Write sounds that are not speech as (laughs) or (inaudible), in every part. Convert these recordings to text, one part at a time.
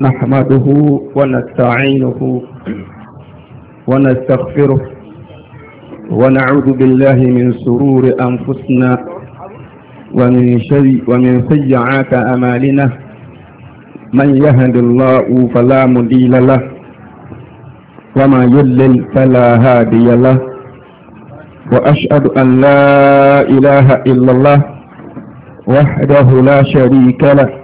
نحمده ونستعينه ونستغفره ونعوذ بالله من سرور أنفسنا ومن, شر ومن سيئات أمالنا من يهد الله فلا مضل له وما يضلل فلا هادي له وأشهد أن لا إله إلا الله وحده لا شريك له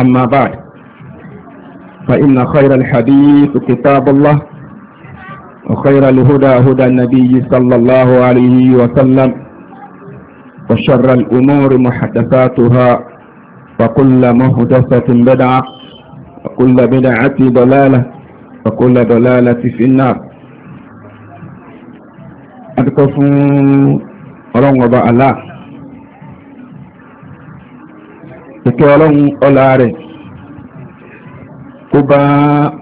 أما بعد فإن خير الحديث كتاب الله وخير الهدى هدى النبي صلى الله عليه وسلم وشر الأمور محدثاتها وكل محدثة بدعة وكل بدعة ضلالة وكل ضلالة في النار أتكفوا رغب الله ìkẹ́ ọlọ́run ọlá rẹ̀ kó bá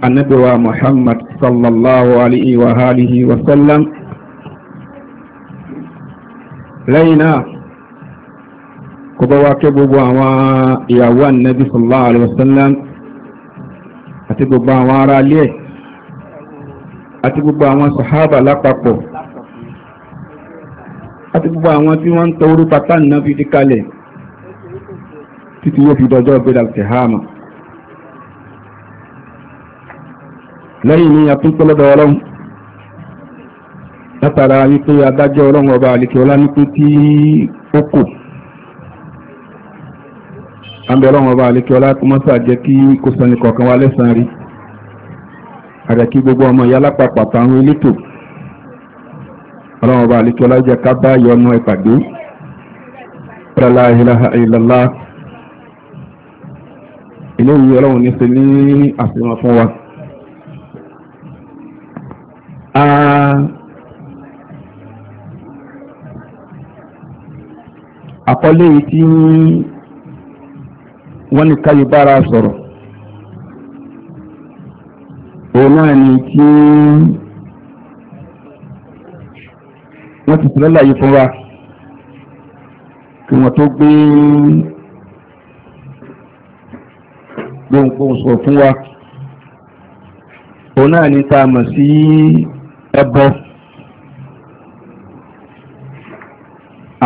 anábíwa muhammad sallallahu alaihi wa alihi wa sallam lẹ́yìn náà kó bá wá kẹ́ gbogbo àwọn ìyàwó anábí sallallahu alaihi wa sallam àti gbogbo àwọn ará ilé ẹ̀ àti gbogbo àwọn sàhábà lápapọ̀ àti gbogbo àwọn tí wọ́n ń tọrú pátá náà fi títí yóò fi dọjọ́ gbéra kẹhàmà lẹ́yìn ní atúntọ́lọ́dọ̀ ọlọ́run látara wípé adájọ́ ọlọ́run ọba àlèkè ọlá ní pé tí ó kò àbẹ̀ ọlọ́run ọba àlèkè ọlá kó mọ́sà jẹ́ kí kò sọnì kọ̀ọ̀kan wa lẹ́sàn-án rí àrẹ̀kí gbogbo ọmọ ìyá lápapọ̀ àtàwọn elétò ọlọ́run ọba àlèkè ọlá jẹ́ ká bá yọnu ẹ̀ pàdé la ilé ìwé ọlọ́run ní ṣe ní àfihàn fún wa àkọlé yìí tí wọ́n ní káyé bára sọ̀rọ̀ òun náà ni tí wọ́n ti sílẹ̀ láyé fún wa kí wọ́n tó gbé gbohùngbohùn sọ fún wa òun náà ní tá a mọ̀ sí ẹbọ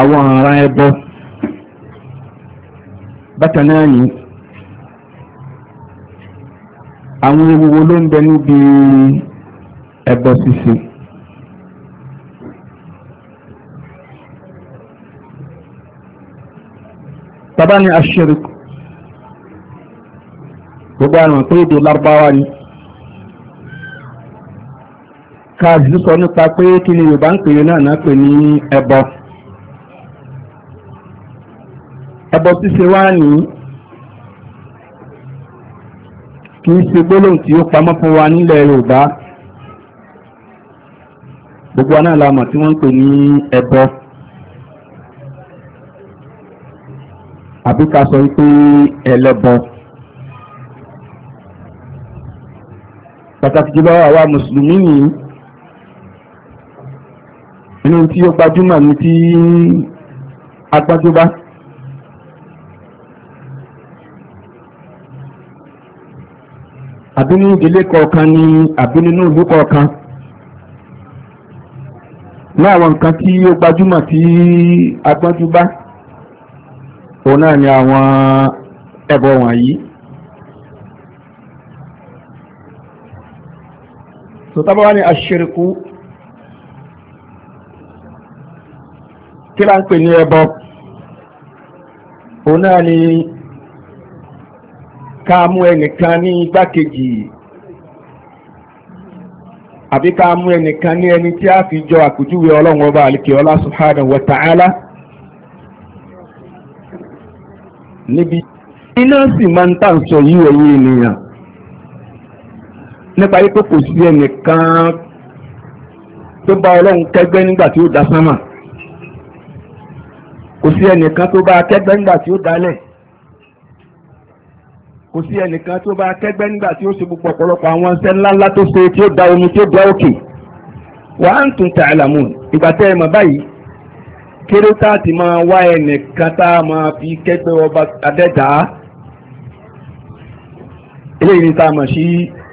àwọn ọ̀ràn ẹbọ bákan náà ní àwọn ewu ló ń bẹ níbi ẹbọ ṣíṣe bàbá ni aṣẹ́rìkù gbogbo àrùn pé èdè lárúbáwá ni káàdì sọ nípa pé kí ni yorùbá ń pè é náà náà pè ní ẹbọ ẹbọ ṣíṣe wá ní kì í ṣe gbólóhùn tí ó pamọ́ fún wa nílẹ̀ yorùbá gbogbo àná làmọ̀ tí wọ́n ń pè ní ẹbọ àbí ká sọ pé ẹlẹ́bọ. pàtàkì jùlọ àwa mùsùlùmí yìí inú tí ó gbajúmọ̀ ní tí agbájúbá àbí ní ìdílé kọ̀ọ̀kan ni àbí nínú ìlú kọ̀ọ̀kan ní àwọn nǹkan tí ó gbajúmọ̀ tí agbájúbá òun náà ni àwọn ẹbọ wọ̀nyí. so tábà wá ní àṣírikú kí là ń pè ní ẹbọ òun náà ni ká mú ẹnìkan ní igbákejì àbí ká mú ẹnìkan ní ẹni tí a fi jọ àpèjúwe ọlọ́run ọba àlìkè ọlá subhanahu wa ta'ala níbi iná sì máa ń tà ń sọ yíwọ̀ yí ènìyàn nípa wípé kò sí ẹnìkan tó bá ọlọ́run kẹgbẹ́ nígbà tí ó dá sánmà kò sí ẹnìkan tó bá kẹgbẹ́ nígbà tí ó dálẹ̀ kò sí ẹnìkan tó bá kẹgbẹ́ nígbà tí ó ṣe gbogbo ọ̀pọ̀lọpọ̀ àwọn iṣẹ́ ńláńlá tó ṣe tí ó da omi tí ó da òkè wà á ń tún tà àlàmù ìgbà tẹ́ ẹ mọ̀ báyìí kéré tá a ti máa wá ẹnìkan tá a máa fi kẹgbẹ́ ọba adẹ́dàá eléyìí ni tá a mọ̀ sí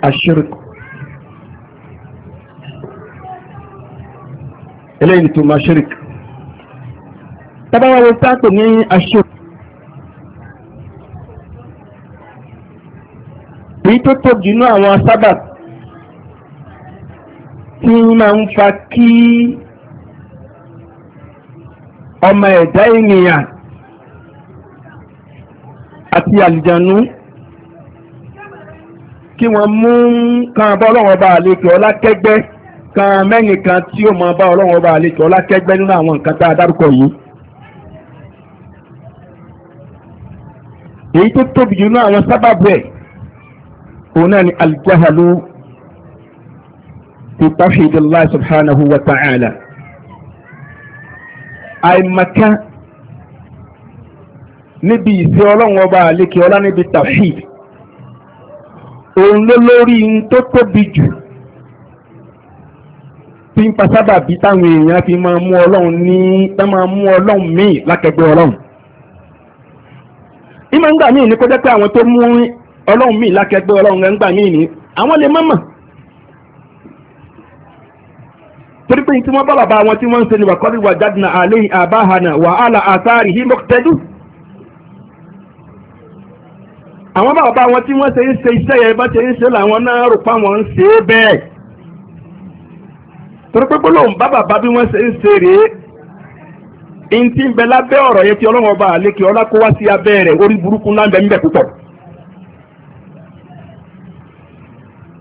الشرك eléyìí tó máa ṣírík tábàwọ̀ táàpù ní aṣọ èyí tó tóbi inú àwọn sábà tí máa ń fa kí ọmọ ẹ̀dá ènìyàn àti àlìjànú kí wọ́n mú kan bá ọlọ́wọ́n bá àlejò ọlákẹ́gbẹ́ kan mẹ́rin kan tí ó máa bá ọlọ́wọ́n bá àlejò ọlákẹ́gbẹ́ nínú àwọn nǹkan tá a dárúkọ yìí. èyí tó tóbi jù nínú àwọn sábàbù ẹ̀ òun náà ni aljahalu ti tafidillah subhanahu wa ta'ala àìmọ̀kan níbi ìṣe ọlọ́wọ́n bá àlejò ọlá níbi tafid. òun ló lórí ń tó tóbi jù tí ń pasábà bí táwọn èèyàn fi máa mú ọlọ́run ní tá máa mú ọlọ́run míì lákẹgbẹ́ ọlọ́run ìmọ̀ ńgbà míì ní kó jẹ́ pé àwọn tó mú ọlọ́run míì lákẹgbẹ́ ọlọ́run rẹ̀ ńgbà míì ní àwọn lè mọ̀mọ̀ torí pé tí wọ́n bá bàbá wọn tí wọ́n ń se ni wàkọ́rí wà jáde náà àléhìn wàhálà àtàrí àwọn bàbá wọn tí wọ́n ṣe ń ṣe iṣẹ́ yẹn bá ṣe ń ṣe làwọn náà rò pa wọn ń ṣe é bẹ́ẹ̀ torí pé gbólóhùn bá bàbá bí wọ́n ṣe ń ṣe rèé in ti ń bẹ lábẹ́ ọ̀rọ̀ yẹn tí ọlọ́run ọba àlékè ọlá kó wá sí abẹ́ rẹ̀ orí burúkú ńlá ń púpọ̀.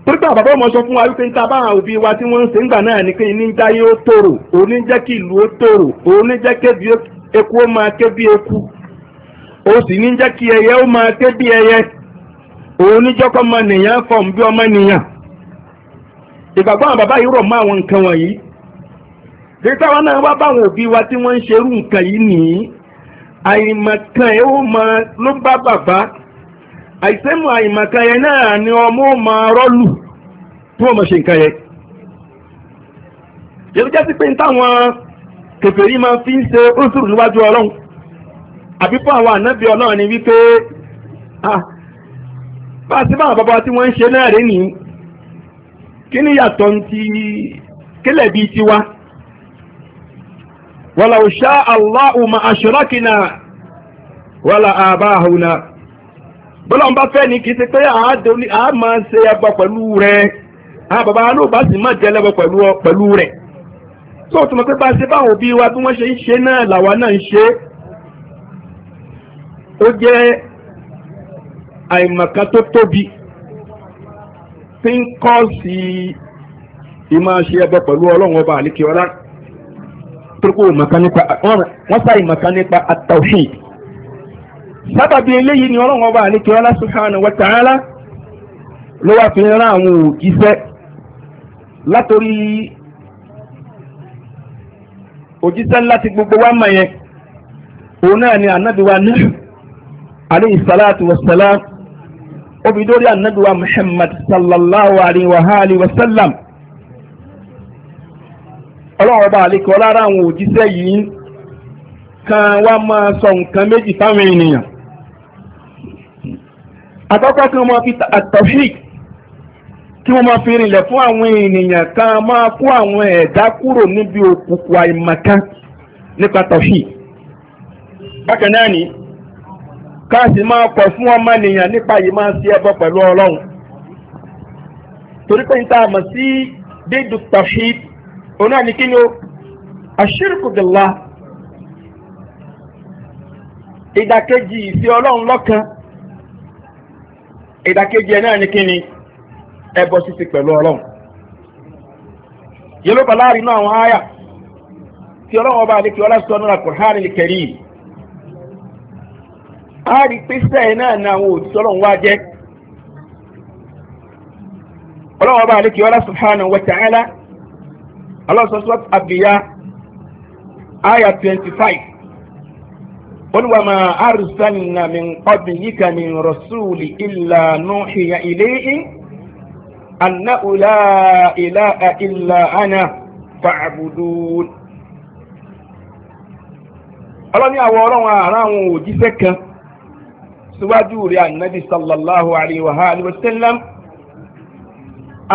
torí pé àbàbọ̀ ọmọ sọ fún wa wípé ń ta bá àwọn òbí wa tí wọ́n ń ṣe ńgbà náà ni pé níjà yóò tòrò òní jẹ́ kí ìlú ó tòrò òní jẹ́ kébi eku ó máa kébi eku ó sì ní jẹ́ kí ẹyẹ ó máa ké bí ẹyẹ òun níjọ́kọ́ ọmọ nìyàn fọ̀m bí ọmọ nìyàn ìgbàgbọ́ àwọn bàbá yìí rọ̀ mọ́ àwọn nǹkan wọ̀nyí títàwọn náà wá báwọn òbí wa tí wọ́n ń ṣerú nǹkan yìí nìyí àìmọ̀kan ẹ̀ ó máa ló bá bàbá àìsẹ́mu ni ọmọ ó máa rọ́lù tí wọ́n máa ṣe nǹkan yẹ́n jẹ́ sí pé ní táwọn fi ń ṣe ó níwájú àbíkọ́ àwọn ànábì ọlọ́run ni wípé bá a ti báwọn bàbá tí wọ́n ń ṣe náà rí kí ni yàtọ̀ ti kílẹ̀ Wala, tiwa wàlà òṣà Allahu ma ashrakina wàlà àbáhùnà bọ́lá ń bá fẹ́ ní kì ṣe pé a máa ṣe ẹbọ pẹ̀lú rẹ̀ àwọn bàbá alóò bá sì máa jẹ́ pẹ̀lú rẹ̀ tó tún mọ̀ pé bá ó jẹ́ àìmọ̀ká tó tóbi tí ń kọ́ sí ìmọ̀ ṣe ẹbọ pẹ̀lú ọlọ́run ọba àlékè ọlá torípò ìmọ̀ká ìmọ̀ká nípa sábàbí eléyìí ni ọlọ́run ọba àlékè ọlá subhanahu wa ló wá fi rán àwọn òjíṣẹ́ látòrí gbogbo wa mọ̀ yẹn òun náà ni ànábì alayhi salatu wa salam obi dórí anabiwa muhammad sallallahu alayhi wa alihi wa sallam ọlọ́run ọba àlekọ́ lára àwọn òjíṣẹ́ yìí kan wá máa sọ nǹkan méjì fáwọn ènìyàn àkọ́kọ́ kan máa fi àtọ̀fíì kí wọ́n máa fi rinlẹ̀ fún àwọn ènìyàn kan máa kó àwọn ẹ̀dá kúrò níbi òkùnkùn àìmọ̀kan nípa tọ̀fíì bákan náà ni. kaasị ma máa kọ̀ fún ọmọnìyàn nípa yìí máa ṣe ẹbọ pẹ̀lú ọlọ́run torí pé níta àmọ̀ sí dédú tawhid òun ní kí ni ó ìdàkejì ìfi ọlọ́run lọ́kan ìdàkejì ẹ̀ náà ní ẹbọ ṣíṣe pẹ̀lú ọlọ́run láàrin náà àwọn àyà tí ọlọ́run ọba àdékè a rí pé sẹ́ẹ̀ náà ni àwọn òtítọ́ ọlọ́run wá jẹ́ ọlọ́run ọba àlékè ọlá subhanahu wa ta'ala ọlọ́sọ̀sọ́ àbíyá àyà twenty five olùwà máa arsalna min qablika min rasuli illa nuhiya ilayhi annahu la ilaha illa ana fa'budun ọlọ́ni àwọn ọlọ́run àrà àwọn òjíṣẹ́ kan síwájú rẹ̀ ànábì sallallahu alayhi wa alihi wa sallam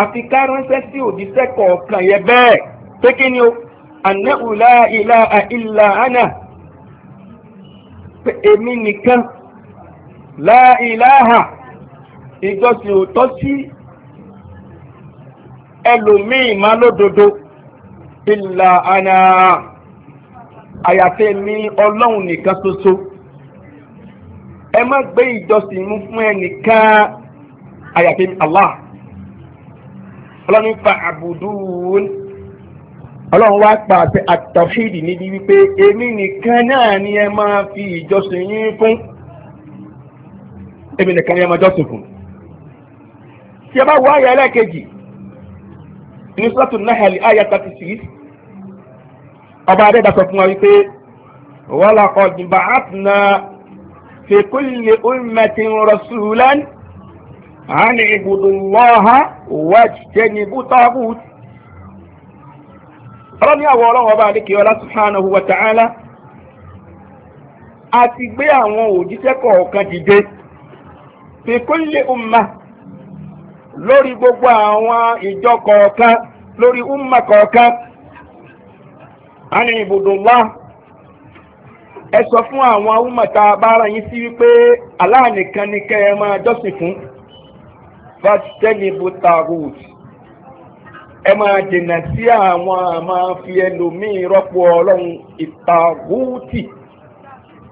àfi ká ránṣẹ́ sí òjíṣẹ́ kọ̀ọ̀kan yẹ bẹ́ẹ̀ pé kí ni o annahu la ilaha illa ana pé èmi nìkan la ilaha ìjọsìn òótọ́ sí ẹlòmíì má lódodo illa ana àyàfẹ́ mi ọlọ́run nìkan ṣoṣo. -so ẹ má gbé ìjọsìn mú fún ẹnìkan àyàfi Allah ọlọ́ni fa àbùdùn ọlọ́run wá pa àti àtàwíìdì níbi wípé èmi nìkan náà ni ẹ máa fi ìjọsìn yín fún èmi nìkan ni ẹ máa jọ́sìn fún tí a bá wọ àyà ẹlẹ́ẹ̀kejì ní sọ́tù náhàlì àyà thirty six ọba adẹ́dàsọ fún wa wípé wọ́n làkọ̀ jùbọ̀ àtúnà. في كل أمة رسولا أن اعبدوا الله واجتنبوا الطاغوت ọlọ́ni àwọ̀ ọlọ́wọ́ bá lékè ọlá subhanahu a ti gbé àwọn òjíṣẹ́ kọ̀ọ̀kan dìde fi umma lórí gbogbo àwọn ìjọ kọ̀ọ̀kan lórí umma kọ̀ọ̀kan a ní ibudullah ẹ sọ fún àwọn awúmọ̀ta bára yín sí wípé aláàníkan ni kẹ́ ẹ máa jọ́sìn fún fásitẹ́ni butahood ẹ máa dènà sí àwọn àmà fi ẹlòmíín rọ́pò ọlọ́run ìtàhúùtì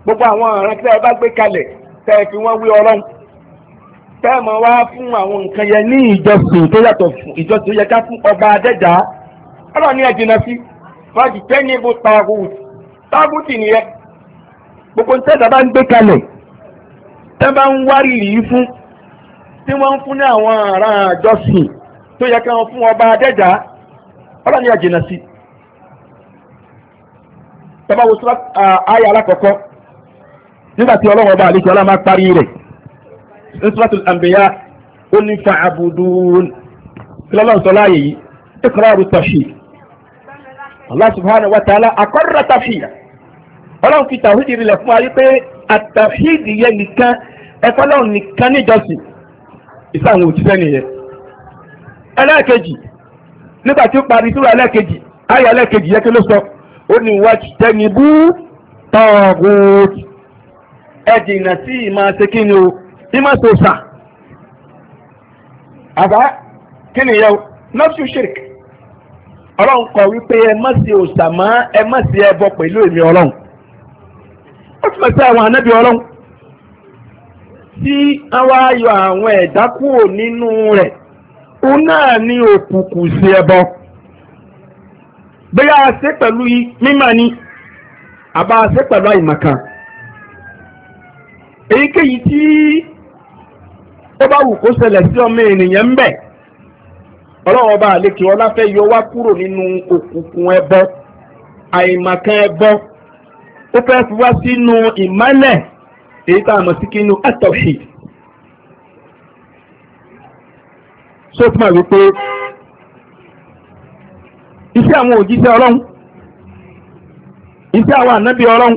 gbogbo àwọn ọ̀ràn tí ẹ bá gbé kalẹ̀ tẹ́ ẹ fi wọ́n wí ọlọ́run tẹ́ ẹ máa wá fún àwọn nǹkan yẹn ní ìjọsìn tó yàtọ̀ fún ìjọsìn tó yẹ fún ọba adẹ́dàá ọlọ́run ni ẹ dènà sí fásitẹ́ni butahood tábùtì nìyẹn gbogbo ní tẹ́tà bá ń gbé kalẹ̀ tẹ́ bá ń wárìrì yìí fún tí wọ́n ń fún ní àwọn ará àjọsìn tó yẹ kí wọ́n fún ọba adẹ́dá ọlọ́ni àjìnà sí tọ́ba wo sọ́ra ayé alákọ̀ọ́kọ́ nígbà tí ọlọ́wọ́ ọba àlejò ọlọ́mà parí rẹ̀ ní suratul anbiya ó ní fa abudun kí lọ́lọ́ sọ láàyè yìí iqraru tashih Allah subhanahu wa ta'ala aqarra tashih ọlọ́run fi tàwídìí rinlẹ̀ fún wa wípé àtàwídìí yẹn nìkan ẹ̀fọ́ ọlọ́run nìkan níjọsìn ìsáwọn òtítẹ́ nìyẹn. ẹlẹ́ẹ̀kejì nígbà tí ó parí sórí ẹlẹ́ẹ̀kejì ayé ẹlẹ́ẹ̀kejì yẹ kí ló sọ ó ní wájú tẹ́ni bú tọ́ọ̀gùtì ẹ̀jìnà sí ìmọ̀ ṣe kí ni o ìmọ̀ ṣe sà àbá kí ni yẹn o nọ́ọ̀sù ṣìrìkì ọlọ́run kọ wípé ẹ má ṣe òṣà mọ́ ẹ má ṣe ẹbọ pẹ̀lú èmi ọlọ́run. ó túmọ̀ sí àwọn anábì ọlọ́run tí yọ àwọn ẹ̀dá kúrò nínú rẹ̀ òun náà ní òkùnkùn sí ẹbọ bóyá a ṣe pẹ̀lú mímọ̀ ni àbá a ṣe pẹ̀lú àìmọ̀kan èyíkéyìí tí ó bá wù kó ṣẹlẹ̀ sí ọmọ ènìyàn ń bẹ̀ ọlọ́wọ́ bá àlekè ọlá fẹ́ yọ wá kúrò nínú òkùnkùn ẹbọ ó fẹ́ fi wá sínú ìmálẹ̀ èyí tá a mọ̀ sí kínú atọ̀hì so tí máa wípé iṣẹ́ àwọn òjíṣẹ́ ọlọ́run iṣẹ́ àwọn ànábì ọlọ́run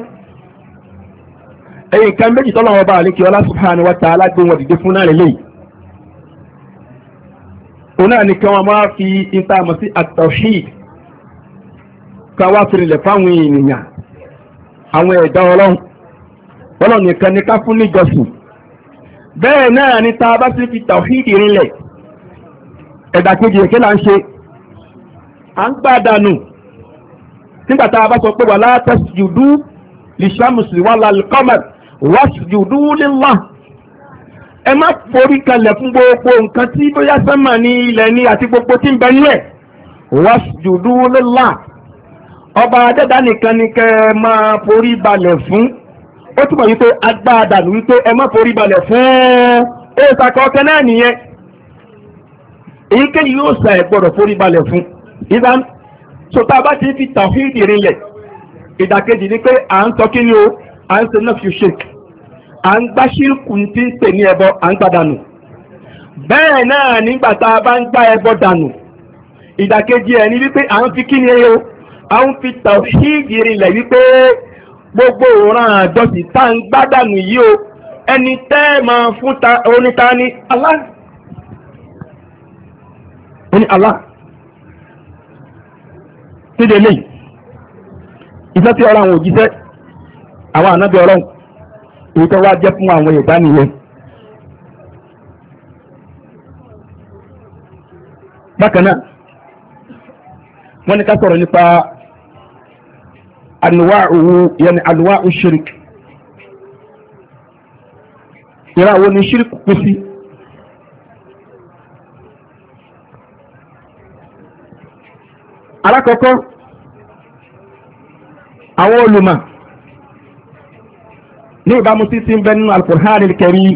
èyí kan méjì tọ́lọ̀ ọba àlékí ọlá subhanahu wa ta'ala gbé wọn dìde fún náà lélẹ́yìí òun náà ni kí wọ́n máa fi ìta àmọ̀ sí atọ̀hì káwá fìrìlẹ̀ fáwọn ènìyàn àwọn ẹ̀dá ọlọ́run ọlọ́run nìkan ni ká fún níjọsìn bẹ́ẹ̀ náà ni ta bá sì fi tàwíìdì rinlẹ̀ ẹ̀dà kejì èké là ń ṣe à ń gbàdànù nígbà tá a bá sọ pé wà látàsí jùdú lìṣàmùsì wà lálùkọ́mẹ̀ wà jùdú lílà ẹ má forí kalẹ̀ fún gbogbo nǹkan tí bóyá sẹ́mà ní ilẹ̀ ní àti gbogbo tí ń bẹ nílẹ̀ wà jùdú lílà ọba adẹ́dá nìkan ni kẹ́ ẹ máa forí balẹ̀ fún ó túbọ̀ wípé agbáadà ní wípé ẹ má forí balẹ̀ fún òòsàkọ́kẹ́ náà nìyẹn èyíkéyìí yóò sa ẹ̀ gbọ́dọ̀ forí balẹ̀ fún ìdá sọta bá ti fi tàfíìdì rinlẹ̀ ìdàkejì ni pé à ń sọ kíni o à ń ṣe náà fi ṣe à ń gbá ṣírkù tí ń pè ní ẹbọ à ń gbá dànù bẹ́ẹ̀ náà nígbà tá a bá ń gbá ẹbọ dànù ìdàkejì ẹ̀ ni wípé à ń fi kíni o a ń fi tàwíṣíìdì rinlẹ̀ wípé gbogbo òran àjọsìn tá ń gbádànù yìí o ẹni tẹ́ máa fún oníta ní Allah ní Allah nídìí eléyìí iṣẹ́ tí ọ̀rọ̀ àwọn òjíṣẹ́ àwọn ànábì ọlọ́run èyí tó wá jẹ́ fún àwọn ìgbà nìyẹn. bákan náà wọ́n ní ká sọ̀rọ̀ nípa anwa'uhu yani anwa'u shirk ìrà wo ni shirk kú sí alákọ̀ọ́kọ́ àwọn olùmọ̀ ní ìbámu sí sí ń bẹ nínú al-Qur'an al-Karim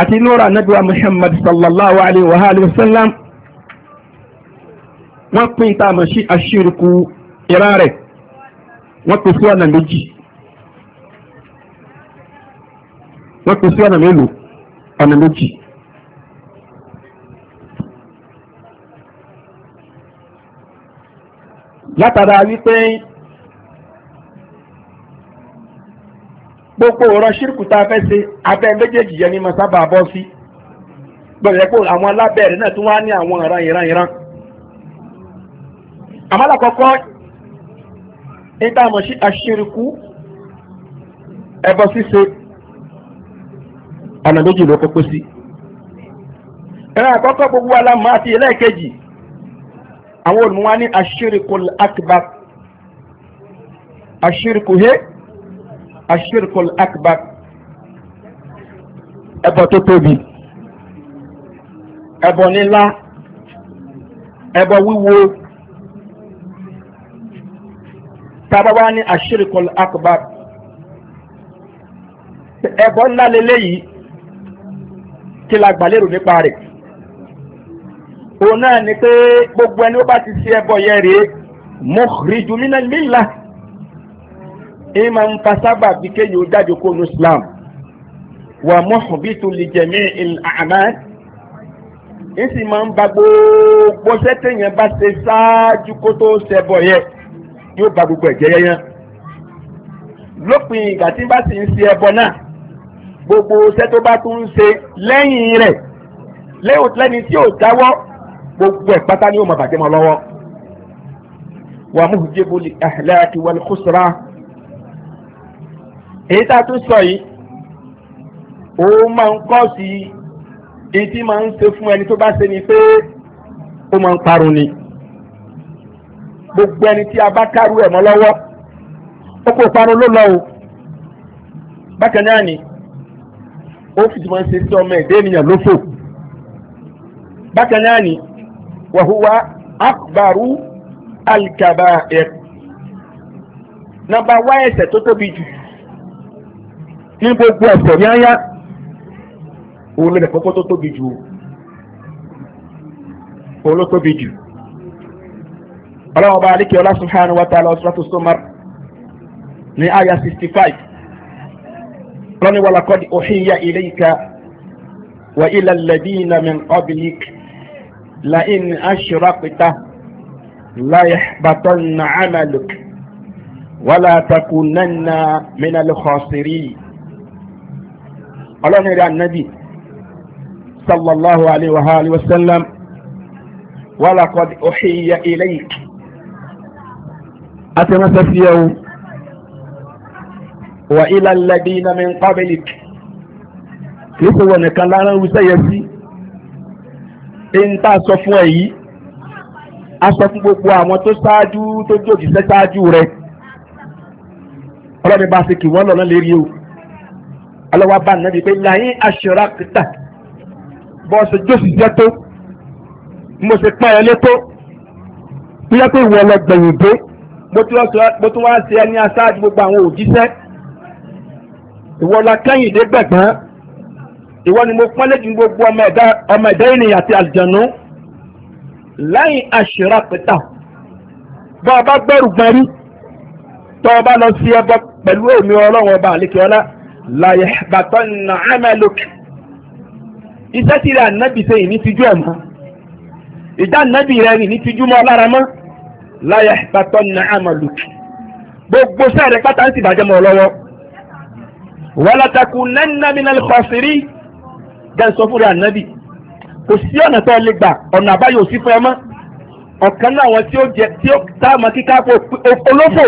àti nura anabiwa Muhammad sallallahu alaihi wa sallam wọ́n pín ìtààmù sí àṣírikú ìra rẹ̀ wọ́n pèsè ọ̀nà méjì wọ́n pèsè ọ̀nà mélòó ọ̀nà méjì. látara wípé gbogbo ọ̀rọ̀ ṣírkù tá a fẹ́ ṣe abẹ́ méjèèjì yẹn ni màsábà bọ́ sí gbọ̀dọ̀ pé àwọn alábẹ́ẹ̀rẹ̀ náà tún wá ní àwọn ìran ìran ìran àmọ́ àkọ́kọ́ níta mọ̀ sí àṣírikú ẹbọ ṣíṣe ọ̀nà méjì ló kókó sí ẹ̀rọ àkọ́kọ́ gbogbo alámọ̀ àti ẹlẹ́ẹ̀kejì àwọn olùmọ̀wá ní àṣírikú akbar àṣírikú he àṣírikú akbar ẹbọ tó tóbi ẹbọ nílá ẹbọ wíwo tábà wá ní àṣírìkọ akbar ẹbọ ńlá lélẹyìí kí la gbàlérò nípa rẹ̀ òun náà ni pé gbogbo ẹni ó bá ti ṣe ẹbọ yẹn rèé mukhriju minal millah ìmọ̀ ń fa sábà bí kéyìí jáde kó nu islam wà muhbitu li jami'il a'mal ń sì máa ń ba gbogbo sẹ́tẹ̀yìn bá ṣe ṣáájú kó tó ṣẹbọ yẹn yóò ba gbogbo ẹ̀jẹ̀ yẹyẹ lópin ìgbà tí bá sì ń ṣe ẹbọ náà gbogbo iṣẹ́ tó bá tún ń ṣe lẹ́yìn rẹ̀ lẹ́ni tí ò dáwọ́ gbogbo ẹ̀ pátá ni ó máa bàjẹ́ mọ́ lọ́wọ́ wà múhùjẹ́bù ahlaki wal khusra èyí tá a tún sọ yìí òun máa ń kọ́ sí i tí máa ń ṣe fún ẹni tó bá ṣe ni pé ó máa ń parun ni gbogbo ẹni tí a bá kárú ẹ̀ mọ́ lọ́wọ́ ó kó parun ló lọ o bákan náà ni ó fìdí wọn ṣe sí ọmọ ẹ̀dẹ́ ènìyàn lófò bákan náà ni wàhùwà akbaru alkaba'ir nọ́mbà wá ẹ̀ṣẹ̀ tó tóbi jù ní gbogbo ẹ̀ṣẹ̀ ní áyá òun ló lè kọ́kọ́ tó tóbi jù òun ló tóbi jù. ọlọ́wọ́ bá alikẹ́ ọlá subhanahu wa ta'ala suratu Zumar ní àyà 65 ọlọ́ni wa laqad uhiya ilayka wa ila alladhina min qablik la in ashrakta la yahbatanna 'amaluk wala takunanna min al-khasirin ọlọ́ni rẹ̀ ànábì sallallahu alayhi wa sallam wa laqad uhiya ilayka. àtẹ̀ránṣẹ́ sí ẹ o wà ilà lẹ́bí iná mi ń pàbílìk kìí ṣe wọn nìkan lára irúṣẹ́ yẹn sí ẹni tá a sọ fún ẹ yìí a sọ fún gbogbo àwọn tó ṣáájú tó jó òjíṣẹ́ ṣáájú rẹ ọlọ́ni bá ṣe kì wọ́n lọ́nà lérí o ọlọ́wà bá nàbí pé láyín aṣọra kìtà bọ́ ṣe jó tó mo ṣe pẹ́ ẹ lé tó bí wọ́n pé ìwọ lọ dé mo tún wá ṣe ẹni aṣáájú gbogbo àwọn òjíṣẹ́ ìwọ la kẹ́yìn dé gbẹ̀gbọ́n ìwọ ni mo pọ́nlé ju gbogbo ọmọ ẹ̀dá ènìyàn àti àlùjànnú lẹ́yìn àṣírà pẹ́tà bá a bá gbẹ́rù gbọ́n rí tọ́ ọ bá lọ sí ẹbọ pẹ̀lú èmi ọlọ́run ọba àlékè ọlá láyé bàtọ́ nà ámẹ́lòkè iṣẹ́ tí rẹ̀ ànábì ṣe ìní tijú ẹ̀ mọ́ ìdá ànábì rẹ̀ ìní tijú mọ́ lára mọ́ láyà ìbátan ní àmàlù gbogbo sáré pátá ń sì bàjẹ́ mọ́ ọ lọ́wọ́ wàlá takù nánà mi náà kọ̀ọ̀sìrí gẹ́gẹ́ sọ fúnra ànábì kò sí ọ̀nà tó lè gbà ọ̀nà àbáyọ òsì fún ẹ mọ́ ọ̀kan náà àwọn tí ó jẹ tí ó táàmù kíkà fún olófò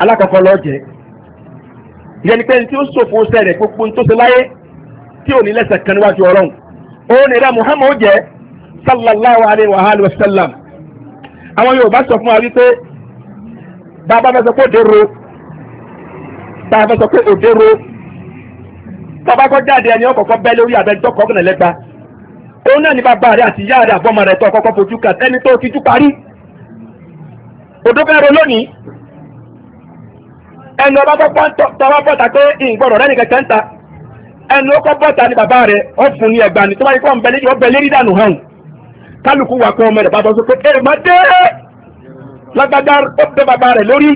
alákọ̀ọ́kọ́ lọ́ọ́ jẹ ìyẹn ni pé tí ó ṣòfò sẹ́rẹ̀ gbogbo tó ṣe láyé tí ò ní lẹ́sẹ̀ kan níwájú ọlọ́run ó ní rẹ Muhammad jẹ sallallahu alayhi wa sallam àwọn Yorùbá sọ fún wa wípé bàbá fẹ́ sọ pé òdero bàbá fẹ́ sọ pé òdero bàbá kọ́ jáde ẹni ọkọ̀ọ̀kọ́ bẹ́ lórí abẹ́jọ́ kọ́kànlẹ̀ lẹ́gba òun náà ni bàbá rẹ̀ àti ìyá rẹ̀ àbọ̀mọ rẹ̀ tó ọkọ̀ọ̀kọ́ fojú kà ẹni tó ti jú parí òdó fẹ́ ro lónìí ẹnu ọba kọ́kọ́ tọwọ́ bọ́ta pé ìgbọ̀rọ̀ rẹ̀ nìkan kẹ́ńta ẹnu ọkọ̀ bọ́ta ni bàbá rẹ̀ ọ̀fun ni ẹ̀gbani tó bá yẹ bẹ lérí dànù hàn kálukú wà pé ọmọ rẹ̀ bá bọ́ sọ pé ẹ má dé lágbádá ó bẹ́ bàbá rẹ̀ lórí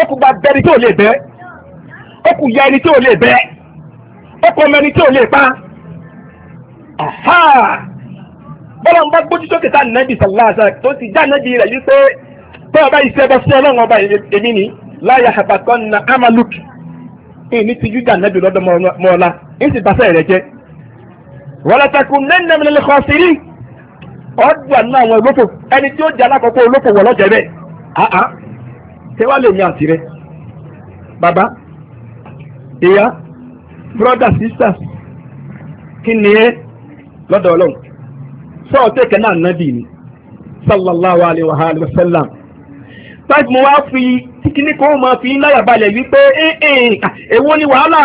ó kú gba bẹ́ni tí ò lè bẹ́ ó kú ya ẹni tí ò lè bẹ́ ó kú ọmọ ẹni tí ò lè pa bọ́lá ń bá gbójú sókè tá nàbì sàlásà tó ti já nàbì rẹ̀ yìí pé bẹ́ẹ̀ ọba yìí sẹ́gbọ́ sí ọlọ́run ọba èmi ni láyà àbàkọ́ na amaluk ní ti yúdà nàbì lọ́dọ̀ mọ́ọ́lá ní ti bàṣẹ́ rẹ̀ jẹ́ wọ́lá takùn nẹ́ẹ̀nẹ́mìlẹ́lẹ́kọ̀ọ́sì rí. ọdún àná àwọn olóko ẹni tí ó jẹ alákọ̀ọ́kọ́ olóko wọ lọ́jọ́ bẹ́ẹ̀ àá ṣé wàá lè rẹ bàbá ìyá brọ́dà sisters kí ni ẹ lọ́dọ̀ sọ́ọ̀ tẹ̀kẹ́ náà nàbì ni sallallahu alayhi wa alayhi wa sallam mo wá fi kó máa fi balẹ̀ wípé ni wàhálà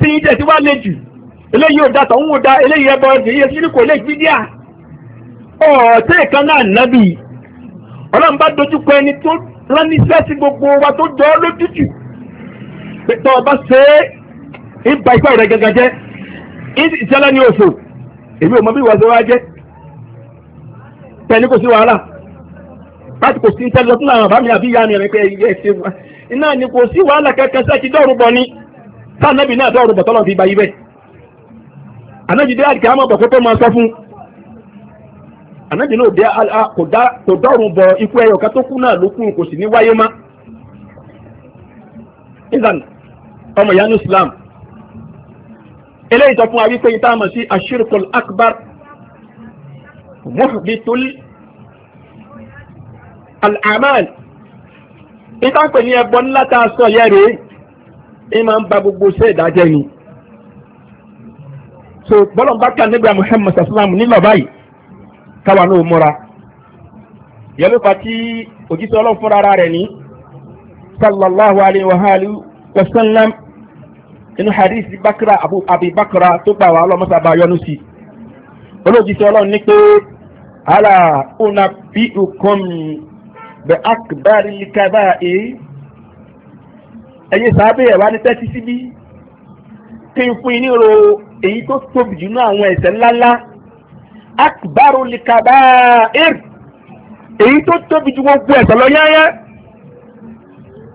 tí yín lè jù eléyìí ò da tọ̀hún ò da eléyìí ọ̀ọ́tẹ́ kan náà nábì ọlọ́run bá dojú kọ ẹni tó ráníṣẹ́ sí gbogbo wa tó jọ ọ́ lójútù pé tọ́ ọba ṣe é ń ba ìpá rẹ̀ gangan jẹ́ ìṣẹ́lẹ̀ ní oṣù èmi ò mọ bí ìwà ṣe wá jẹ́ pẹ̀lú kò sí wàhálà láti kò sí ìtẹ́lẹ̀ fún àwọn àbámi àbí ìyá mi rẹ̀ pé ẹ̀ ṣe wá iná ni kò sí wàhálà kankan sí àtijọ́ bọ̀ ni sáà nábì náà dọ́rùbọ̀ tọ́lọ́ fi ba ibẹ̀ ànájìdé àdìkà àmọ́ bọ̀ kó tó ànábì náà dé kò dọ́rùn bọ ikú ẹyọ kan tó kú náà ló kú kò sì ní wáyé má. ìzàn ọmọ ìyá ní Islam eléyìí tó fún ìta mọ̀ sí ashirikul akbar muhbitul al'amal ìta pè ní ẹbọ ńlá tá a sọ yẹ rèé ìmọ̀ ń ba gbogbo ṣe ìdájẹ́ ni. so bọ́lọ̀ bá kà nígbà Muhammad sallam nílò báyìí káwa náà múra yẹlú pa tí òjíṣẹ́ ọlọ́run fúnra ara rẹ̀ ní sallallahu alayhi wa alihi wa sallam inú hadith bakra abu abi bakra tó gbà wá ọlọ́mọsá bá yọnu sí olóòjíṣẹ́ ọlọ́run ní pé ala unabbi'ukum bi akbaril kaba'ir ẹ̀yin sábẹ́ ẹ̀ wá ní tẹ́tí síbí kí n fún yín ní ro èyí tó tóbi jù náà àwọn ẹ̀ṣẹ̀ ńláńlá akbaru likabair èyí tó tóbi ju gbogbo ẹ̀ṣẹ̀ lọ yáyá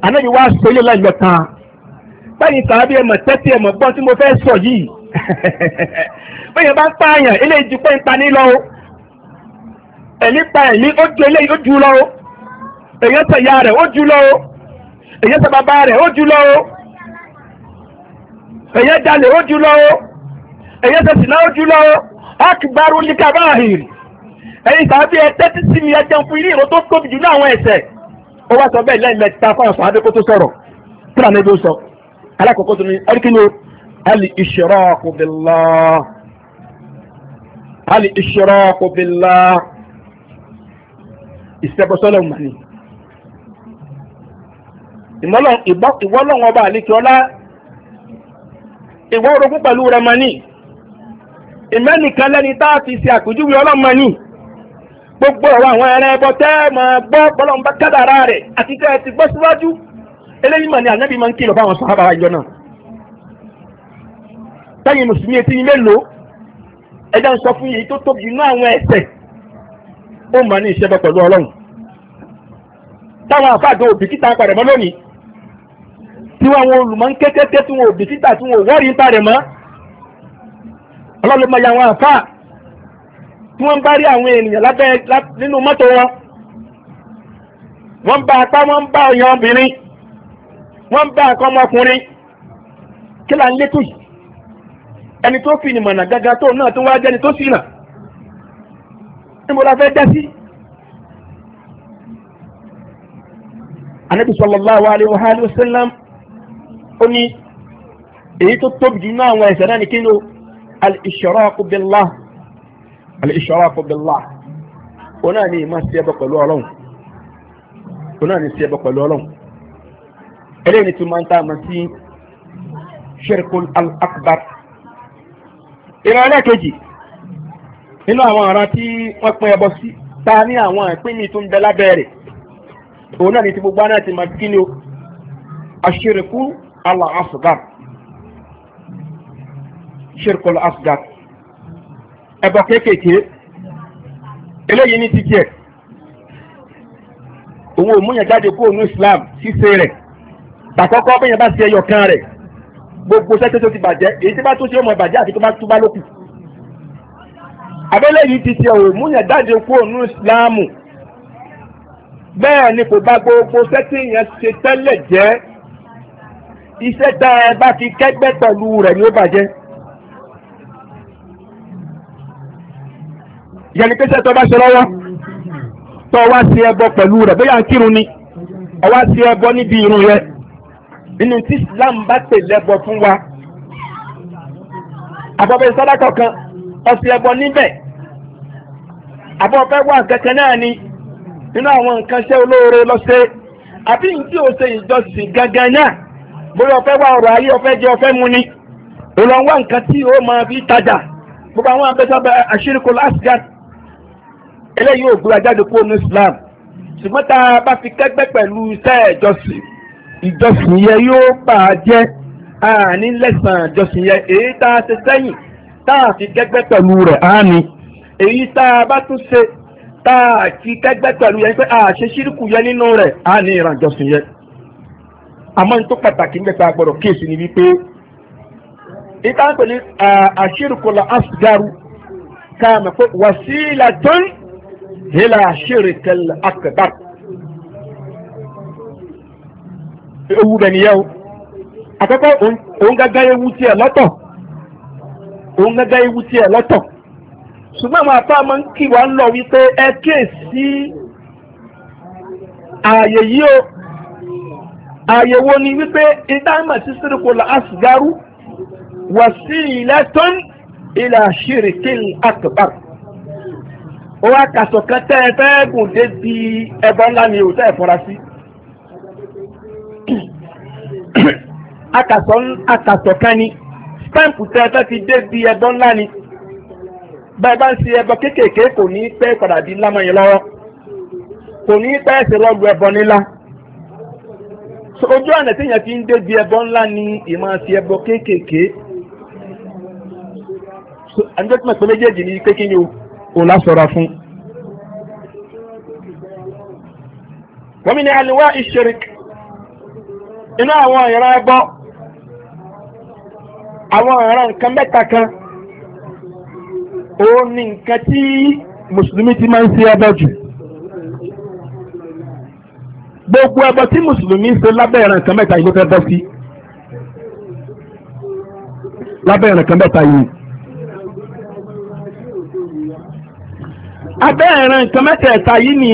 anábì wá sọ yóò láyọ̀ kan báyìí sàábì ẹ̀mọ̀ tẹ́tí ẹ̀mọ̀ gbọ́n tí mo fẹ́ sọ yìí (laughs) báyìí bá ń pààyàn eléyìí ju pé pa ní lọ o ẹ̀mí pa ẹ̀mí ó ju eléyìí ó ju lọ o èyàn tẹ̀ ya rẹ̀ ó ju lọ o èyàn tẹ̀ bàbá rẹ̀ ó ju lọ o èyàn jalè ó ju lọ o èyàn sìnà ó ju lọ akbaru likabahir ẹ̀yin tàbí ẹ tẹ́tí sí mi ẹjẹun fún ilé ìró tó tóbi jù ní àwọn ẹ̀ṣẹ̀ ó wá sọ bẹ́ẹ̀ lẹ́yìn mẹ́ta fún àwọn sàádé kó tó sọ̀rọ̀ tíra ní ibi ó sọ alákòókò tó ní ẹ̀ríkínú ali ishraku billah ali ishraku billah ìṣẹ́bọsọ́lẹ̀ mọ̀ni ìwọ́lọ́wọ́ ọba àlekí ọlá ìwọ́ orogún pẹ̀lú rẹ̀ mọ̀ni. ìmẹ́nìkan lẹ́ni tá a fi ṣe àpèjúwe ọlọ́mọ gbogbo ọ̀rọ̀ àwọn ẹran ẹbọ tẹ́ ma máa gbọ́ bọ́lọ́mbà kádàrá rẹ̀ àti tẹ́ ẹ ti gbọ́ síwájú eléyìí mà ní ànábì máa ń kìlọ̀ fáwọn sàhábà àjọ náà tẹ́yìn mùsùlùmí etí mélòó ẹjọ́ ń sọ fún yìí tó tóbi inú àwọn ẹ̀ṣẹ̀ ó mà ní pẹ̀lú ọlọ́run táwọn àfáàdó lónìí tí wọn olùmọ̀ ń kékeré tí wọn tí wọn ọlọ́run mọ̀ yàwọn àfà tí wọ́n bá rí àwọn ènìyàn lábẹ́ nínú mọ́tò wọn wọ́n bá apá wọ́n bá ọyàn obìnrin wọ́n bá akọ ọmọkùnrin kí là ń lékù yìí ẹni tó fi ìnìmọ̀nà gàgà tó náà tó wáá jẹ́ni tó sì nà níbo la fẹ́ dá sí. anabi sallallahu alaihi wa sallam ó ní al-ishraq billah al billah náà ni ìmọ̀ sí ẹbọ pẹ̀lú ọlọ́run òun náà ni sí ẹbọ pẹ̀lú ọlọ́run eléyìí tún máa shirkul al-akbar ìran nínú àwọn ara tí wọ́n pín ẹbọ si ta ni àwọn ìpín mi ṣirkul asgar ẹbọ kéékèèké eléyìí ní títí ẹ̀ òun ò múyàn jáde kó òun islam ṣíṣe rẹ̀ tàkọ́kọ́ bẹ́yẹn bá ṣe ẹyọ kan rẹ̀ gbogbo sẹ́tẹ́ tó ti bàjẹ́ èyí tí bá tó ṣe ọmọ ìbàjẹ́ àti tó bá túbá lókù abẹ́lẹ̀ yìí ti tiẹ̀ ò múyàn jáde kó òun islam bẹ́ẹ̀ ni kò bá gbogbo sẹ́tẹ́ yẹn ṣe tẹ́lẹ̀ jẹ́ iṣẹ́ tá a bá fi kẹ́gbẹ́ pẹ̀lú rẹ̀ ni ó bàjẹ́. yẹni pé sẹ́tọ́ bá ṣe lọ́wọ́ tó wá sí ẹbọ pẹ̀lú rẹ̀ bóyá ń kírun ni ọwá sí ẹbọ níbi irun rẹ̀ nínú tí Islam bá pè lẹ́bọ fún wa àbọ̀bẹ̀ sọ́dákọ̀ kan ọ̀sẹ̀ ẹbọ níbẹ̀ àbọ̀bẹ̀ wà kẹ̀kẹ́ náà ni nínú àwọn nǹkan ṣẹ́ olóore lọ́sẹ̀ àbí n tí o ṣe ìjọsìn gangan náà bóyá ọ̀fẹ́ wà ọ̀rọ̀ ayé ọ̀fẹ́ jẹ ọ̀fẹ́ mu ni òlọ́wọ́ nǹkan tí o máa fi tajà gbogbo àwọn abẹ́sàbẹ̀ àṣírí kò lásìkò eléyìí ò gbúra jáde kúrò ní Islam ṣùgbọ́n tá a bá fi kẹ́gbẹ́ pẹ̀lú iṣẹ́ ìjọsìn ìjọsìn yẹn yóò bà á jẹ́ àní lẹ́sàn-án ìjọsìn yẹn èyí tá a ṣe sẹ́yìn tá a fi kẹ́gbẹ́ pẹ̀lú rẹ̀ àní èyí tá a bá tún ṣe tá a fi kẹ́gbẹ́ pẹ̀lú yẹn pé a ṣe ṣírìkù yẹn nínú rẹ̀ àní ìrànjọsìn yẹn àmọ́ ní tó pàtàkì nígbà tá a gbọ́dọ̀ kíyèsí ni wípé ìtàn pẹ̀lú àṣírìkù la asgaru ká mọ̀ pé wàsílà tó ń ila shirikal akbar ewu bẹ̀ nìyẹn o àkọ́kọ́ òun gángan ewu tiẹ̀ lọ́tọ̀ òun gángan ewu tiẹ̀ lọ́tọ̀ ṣùgbọ́n àwọn àpá máa ń kí wa lọ wípé ẹ kíyèsí ààyè yìí o ààyè wo ni wípé ìdáhùnmọ̀ sí sírìkùlà asgaru wà sí ilẹ̀ tán ila shirikal akbar ó wá kàṣọ kan tẹ́ ẹ fẹ́ gùn dé di ẹbọ ńlá ni ò tẹ́ sí. akàṣọ kan ni stamp tẹ́ ẹ fẹ́ fi dé di ẹbọ ńlá ni bẹ́ẹ̀ bá ń ṣe ẹbọ kéékèèké kò ní pẹ́ padà di ńlá mọ́yìn lọ́wọ́ kò ní pẹ́ ṣe rọ́ọ̀lù ẹbọ nílá ojú ọ̀nà tí yẹn fi ń dé di ẹbọ ńlá ni ìmọ̀ ṣe ẹbọ kéékèèké ẹni tó tún mọ̀ méjèèjì ni pé o. òun lásọra fún. wọ́n mi ní àníwá ìṣerik inú àwọn ìran ẹbọ àwọn ìran nǹkan mẹ́ta kan òun ni nǹkan tí mùsùlùmí ti máa ń ṣe ẹbọ jù gbogbo ẹbọ tí mùsùlùmí ń ṣe lábẹ́ ìran nǹkan mẹ́ta yìí ló fẹ́ bọ́ sí lábẹ́ abẹ́ẹ̀rẹ̀ nǹkan mẹ́tẹ̀ẹ̀ta yìí ní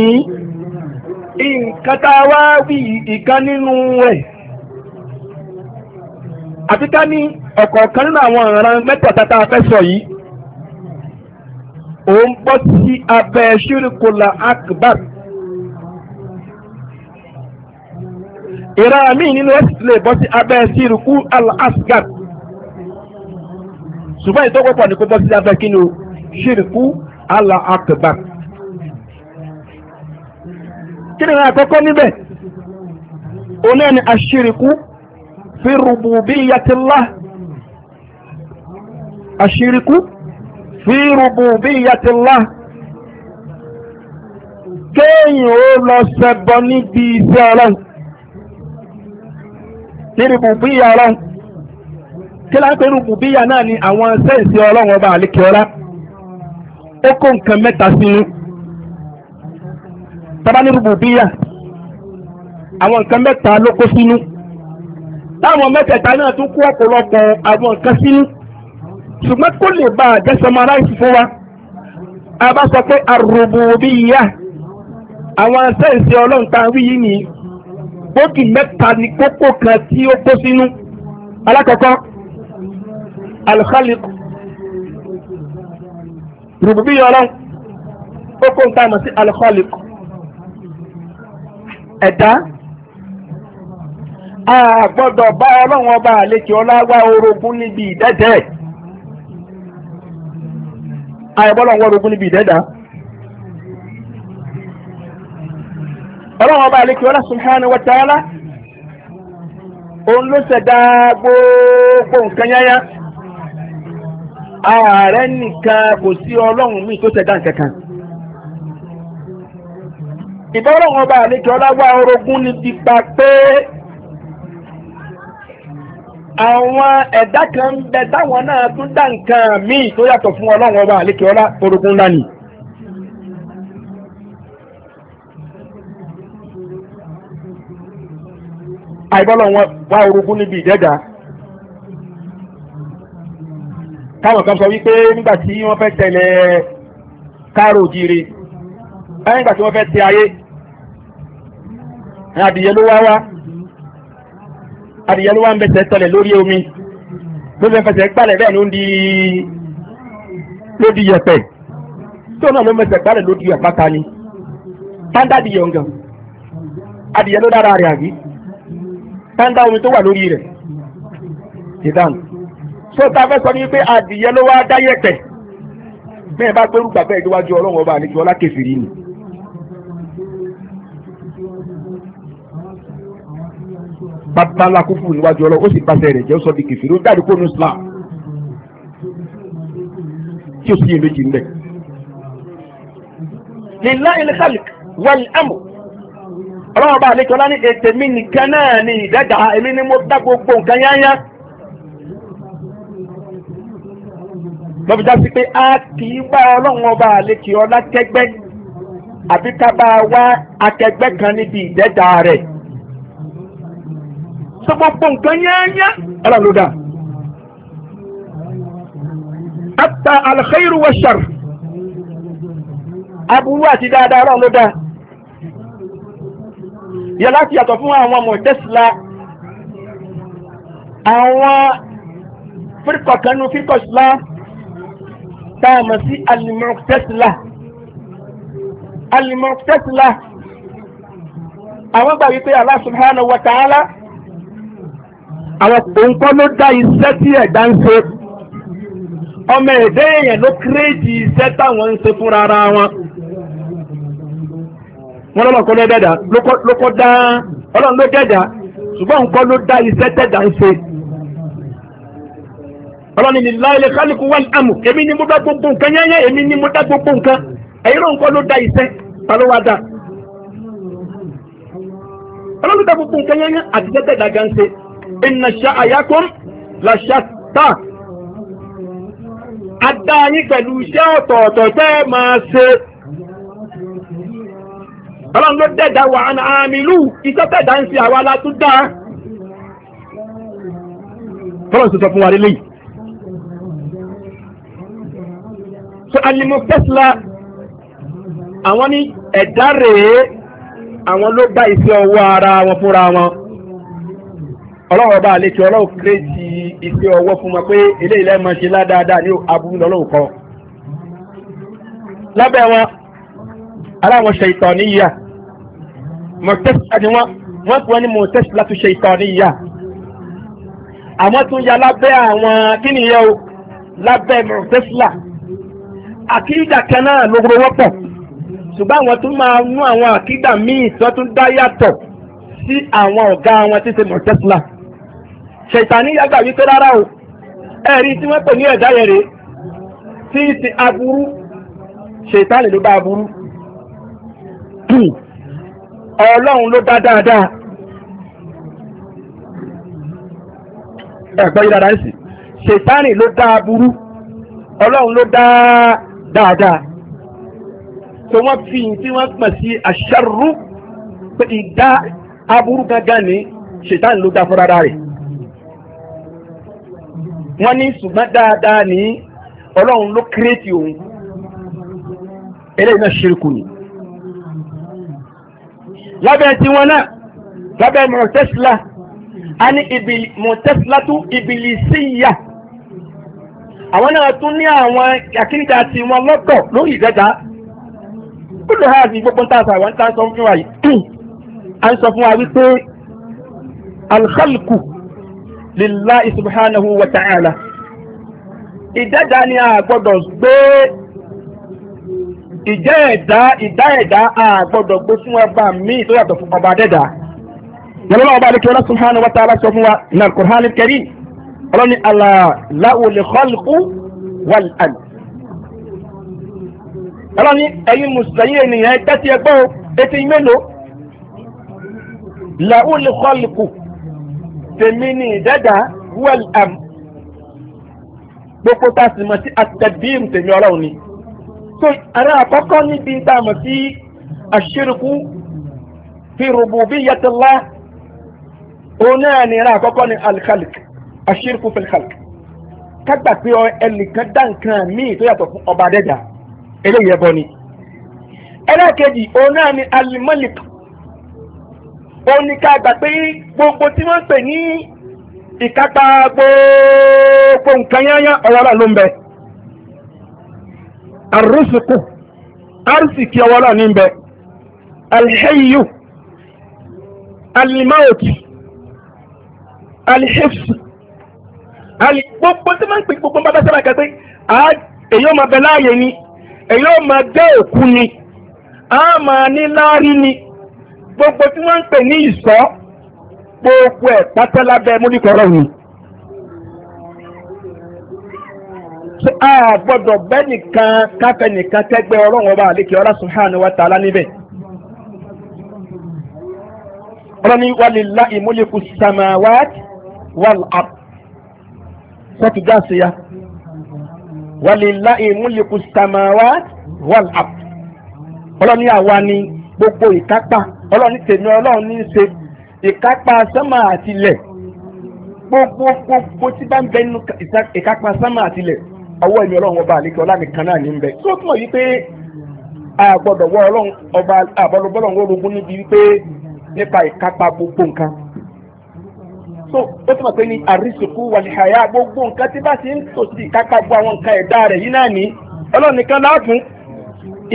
nǹkan tá a wá wí ìkan nínú rẹ̀ àti ká ní ọ̀kọ̀ọ̀kan nínú àwọn ìran mẹ́tẹ̀ẹ̀ta tá a fẹ́ sọ yìí ó ń bọ́ sí abẹ́ ṣírìkùlà akbar ìran míì nínú ẹ̀sìn lè bọ́ sí abẹ́ ṣírìkù al-asgar ṣùgbọ́n ìtọ́kọ̀pọ̀ ni kó bọ́ sí abẹ́ kí o ṣírìkù al-asgar ala akbar kí ni àkọ́kọ́ níbẹ̀ òun náà ni àṣírikú fi rububiyyatillah àṣírikú fi rububiyyatillah kéèyàn ó lọ ṣẹbọ níbi iṣẹ́ ọlọ́run ní rububiyya ọlọ́run kí láńpẹ́ rububiyya náà ni àwọn ṣẹ́ǹsì ọlọ́run ọba àlékè ọlá ó kó nǹkan mẹ́ta sínú tabani rububiyya àwọn nǹkan mẹ́ta ló kó sínú táwọn mẹ́tẹ̀ẹ̀ta náà tún kó ọ̀pọ̀lọpọ̀ àwọn nǹkan sínú ṣùgbọ́n kó lè bá àjẹsọmaráìsì fún wa a bá sọ pé arububiyya àwọn sẹ́ǹsì ọlọ́run tá a wí yìí nìyí gbòógì mẹ́ta ni kókó kan tí ó kó sínú alákọ̀ọ́kọ́ al-khaliq rububi yọ lọ́n ó kó nǹkan mọ̀ sí ẹ̀dá a gbọ́dọ̀ bá ọlọ́run ọba àlejò ọláwá orogún níbi ìdẹ́dẹ́ àìbọ́lọ́run orogún níbi ìdẹ́dá ọlọ́run ọba àlejò ọlá subhanahu wa ta'ala òun ló ṣẹ̀dá gbogbo nǹkan ààrẹ nìkan kò sí ọlọ́run mi tó ṣẹ̀dá nǹkankan. ìbọ́lọ́run ọba àlejò ọláwá orogún ni pípa pé àwọn ẹ̀dá kan ń bẹ táwọn náà tún dá nǹkan míì tó yàtọ̀ fún ọlọ́run ọba àlejò ọlá orogún ńlá ni. àìbọ́lọ́run wá orogún níbi ìdẹ́gàá. káwọn kan sọ wípé nígbà tí wọ́n fẹ́ tẹ̀lé káàrò jíire báyìí nígbà tí wọ́n fẹ́ tẹ ayé adìyẹ ló wá wá adìyẹ ló wá ń bẹ̀sẹ̀ tẹ̀lé lórí omi ló fẹ́ fẹsẹ̀ gbalẹ̀ bẹ́ẹ̀ ló ń di ló di yẹ̀pẹ̀ tí òun náà ló fẹsẹ̀ gbalẹ̀ ló di yẹ̀pẹ̀ ta ni panda adìyẹ ọ̀gàn adìyẹ ló rẹ̀ àbí panda omi tó wà lórí rẹ̀ ìdáhùn so ta fẹ́ sọ ni pé adìyẹ ló wá dáyẹ̀pẹ̀ bẹ́ẹ̀ bá gbẹ́rù gbàgbẹ́ ìdíwájú ọlọ́run ọba àlejò ọlá kẹfìrí ni. babala kúkú níwájú ọlọ́run ó sì pàṣẹ rẹ̀ jẹ́ ó sọ di kẹfìrí ó dáàdì kó nu Islam tí ó sì yẹ méjì ńlẹ̀. lílá ilẹ̀kálík wàlí amò ọlọ́run ọba àlejò ọlá ní ètè mi nìkan náà ni ìdẹ́gà èmi ni mo dá gbogbo nǹkan yányá. lọ́bi já sí pé a kì í bá ọlọ́run ọba àlekè ọlá kẹgbẹ́ àbí ká bá a wá akẹgbẹ́ kan níbi ìdẹ́ta rẹ̀ sọ gbogbo nǹkan yẹ́nyẹ́ ọlọ́run ló dà ata alkhairu wa shar aburú àti dáadáa ọlọ́run ló dà yẹ láti yàtọ̀ fún àwọn ọmọ tẹ́sílà àwọn fírkọ̀ kanú fírkọ̀ táàmù sí alimọ̀tẹ́tìlá alimọ̀tẹ́tìlá àwọn gbà wípé Allah subhanahu wa ta'ala àwọn òǹkọ́ ló dá iṣẹ́ tí ẹ̀dá ń ṣe ọmọ ẹ̀dá èèyàn ló kírèjì iṣẹ́ táwọn ń ṣe fúnra ara wọn wọn lọ́nà kọ́ ló dẹ́dà ló dá ọlọ́run ló dẹ́dà ṣùgbọ́n òǹkọ́ ló dá iṣẹ́ tẹ̀dá ń ṣe ọlọ́ni ní láìlẹ̀ kálíkù wà lámù èmi ni mo dá gbogbo nǹkan yẹ́yẹ́ èmi ni mo dá gbogbo nǹkan ẹ̀yin náà nǹkan ló da iṣẹ́ ta ló wá da ọlọ́ni dá gbogbo nǹkan yẹ́yẹ́ àti tẹ́tẹ́ dàgá ń ṣe ìnà ṣá àyákùn làṣà tá a dá yín pẹ̀lú iṣẹ́ ọ̀tọ̀ọ̀tọ̀ tẹ́ máa ṣe ọlọ́run ló dẹ̀dá wà ánà àmìlú iṣẹ́ tẹ̀dá ń ṣe àwa la tún dá ọlọ́run ti sọ fún wa so alimọ̀tẹ́sílà àwọn ní ẹ̀dá rèé àwọn ló bá iṣẹ́ ọwọ́ ara wọn fúnra wọn ọlọ́run ọba àlejò ọlọ́run kírèjì iṣẹ́ ọwọ́ fún wọn pé eléyìí lẹ́ẹ̀ máa ṣe ládáadáa ní abúlé ọlọ́run kan lábẹ́ wọn aláwọn ṣèyítọ̀ níyà mọ̀tẹ́sílà ni wọ́n wọ́n pè wọ́n ní mọ̀tẹ́sílà tó ṣèyítọ̀ níyà àwọn tún ya lábẹ́ àwọn kíni yẹn o lábẹ́ mọ̀tẹ́sílà àkídà kan náà ló wọ́pọ̀ ṣùgbọ́n àwọn tún máa mú àwọn àkídà míì tí wọ́n tún dá yàtọ̀ sí àwọn ọ̀gá wọn tí ṣe mọ̀tẹ́sílà ṣètàní yàgbà wípé rárá o ẹ̀rí tí wọ́n pè ní ẹ̀dá yẹn rèé tí ti aburú ṣètàní ló bá aburú ọlọ́run ló dá dáadáa ẹ̀gbọ́n yìí dáadáa ń sì ṣètàní ló dá aburú ọlọ́run ló dá dáadáa tó wọ́n fi tí wọ́n pọ̀ sí àṣàrú pé ìdá aburú gangan ni ṣètàn ló dá fúnra rẹ̀ wọ́n ní ṣùgbọ́n dáadáa ní ọlọ́run ló kírètì òun eléyìí náà ṣírkù ni lábẹ́ tí náà lábẹ́ mọ̀tẹ́sílá a ní mọ̀tẹ́sílá tún ìbìlì síyà. àwọn náà tún ní àwọn wọn lórí gbogbo a sọ fún wa yìí a ń sọ fún wa wípé alhalku lillahi subhanahu wa ta'ala ìdẹ́ta ni a gbọ́dọ̀ gbé ìjẹ́ ẹ̀dá ìdá ẹ̀dá a gbọ́dọ̀ gbé fún ọba míì tó yàtọ̀ fún ọba dẹ́dà. Yàrá ọba àdékẹ́wọ́lá sọ fún wa ọlọ́ni aláwòlè kọ́lùkù wàlán ọlọ́ni ẹ̀yin mùsùlùmí ènìyàn tẹ́tí ẹgbẹ́ o etí mélòó làwòlè kọ́lùkù tèmi ní ìdẹ́dà wàlán gbogbo tá a sì mọ̀ sí àtẹ̀bíìm tèmi ọlọ́run ni tó ara àkọ́kọ́ níbi tá a mọ̀ sí àṣírikú fi rùbùbí yàtọ̀lá òun náà ní ara àkọ́kọ́ ní alikalik aṣírkù fil khalq kágbà pé ẹnìkan dá nǹkan míì tó yàtọ̀ fún ọba adẹ́dà eléyìí ẹbọ ni ẹlẹ́ẹ̀kejì òun náà ni alimọ́lìk òun ni ká gbà pé gbogbo tí wọ́n ń pè ní ìkápá gbogbo nǹkan yányán ọwọ́ náà ló ń bẹ àrùsùkù àrùsìkì ọwọ́ náà ní bẹ alhẹ́yù alimáòtì alhẹ́fù àlè gbogbo tí máa ń pè gbogbo bá bá sábà kà pé èyí ó máa bẹ láàyè ni èyí ó máa dé òkú ni a máa ní láárí ni gbogbo tí wọ́n ń pè ní ìsọ́ gbogbo ẹ̀ pátá lábẹ́ múlíkọ̀ọ́rọ̀ ni. a gbọ́dọ̀ bẹ́ nìkan káfẹ́ nìkan kẹ́gbẹ́ ọlọ́run ọba àlékè ọlá subhanahu wa ta'ala níbẹ̀. ọlọ́ni wàlíláì múlíkù samawati wal wọ́n ti já sí ya walillahi mulku samawat wal ard ọlọ́ni àwa ni gbogbo ìkápá ọlọ́ni tèmi ọlọ́run ní í ṣe ìkápá sánmà àtìlẹ̀ gbogbo gbogbo tí bá ń bẹ nínú ìkápá sánmà àtìlẹ̀ ọwọ́ ẹ̀mí ọlọ́run ọba àlejò ọlá nìkan náà ní ń bẹ tó túmọ̀ yìí pé àgbọ̀dọ̀ wọ ọlọ́run ọba àbọ̀lọ́bọ́lọ́run orogún níbi wípé nípa ìkápá gbogbo nǹkan so ó túmọ̀ pé ní àrísìkú wà ní àyà gbogbo nǹkan tí bá ti ń tòsí kápá gbọ́ àwọn nǹkan ẹ̀dá rẹ̀ yìí náà ní ọlọ́run nìkan láàfún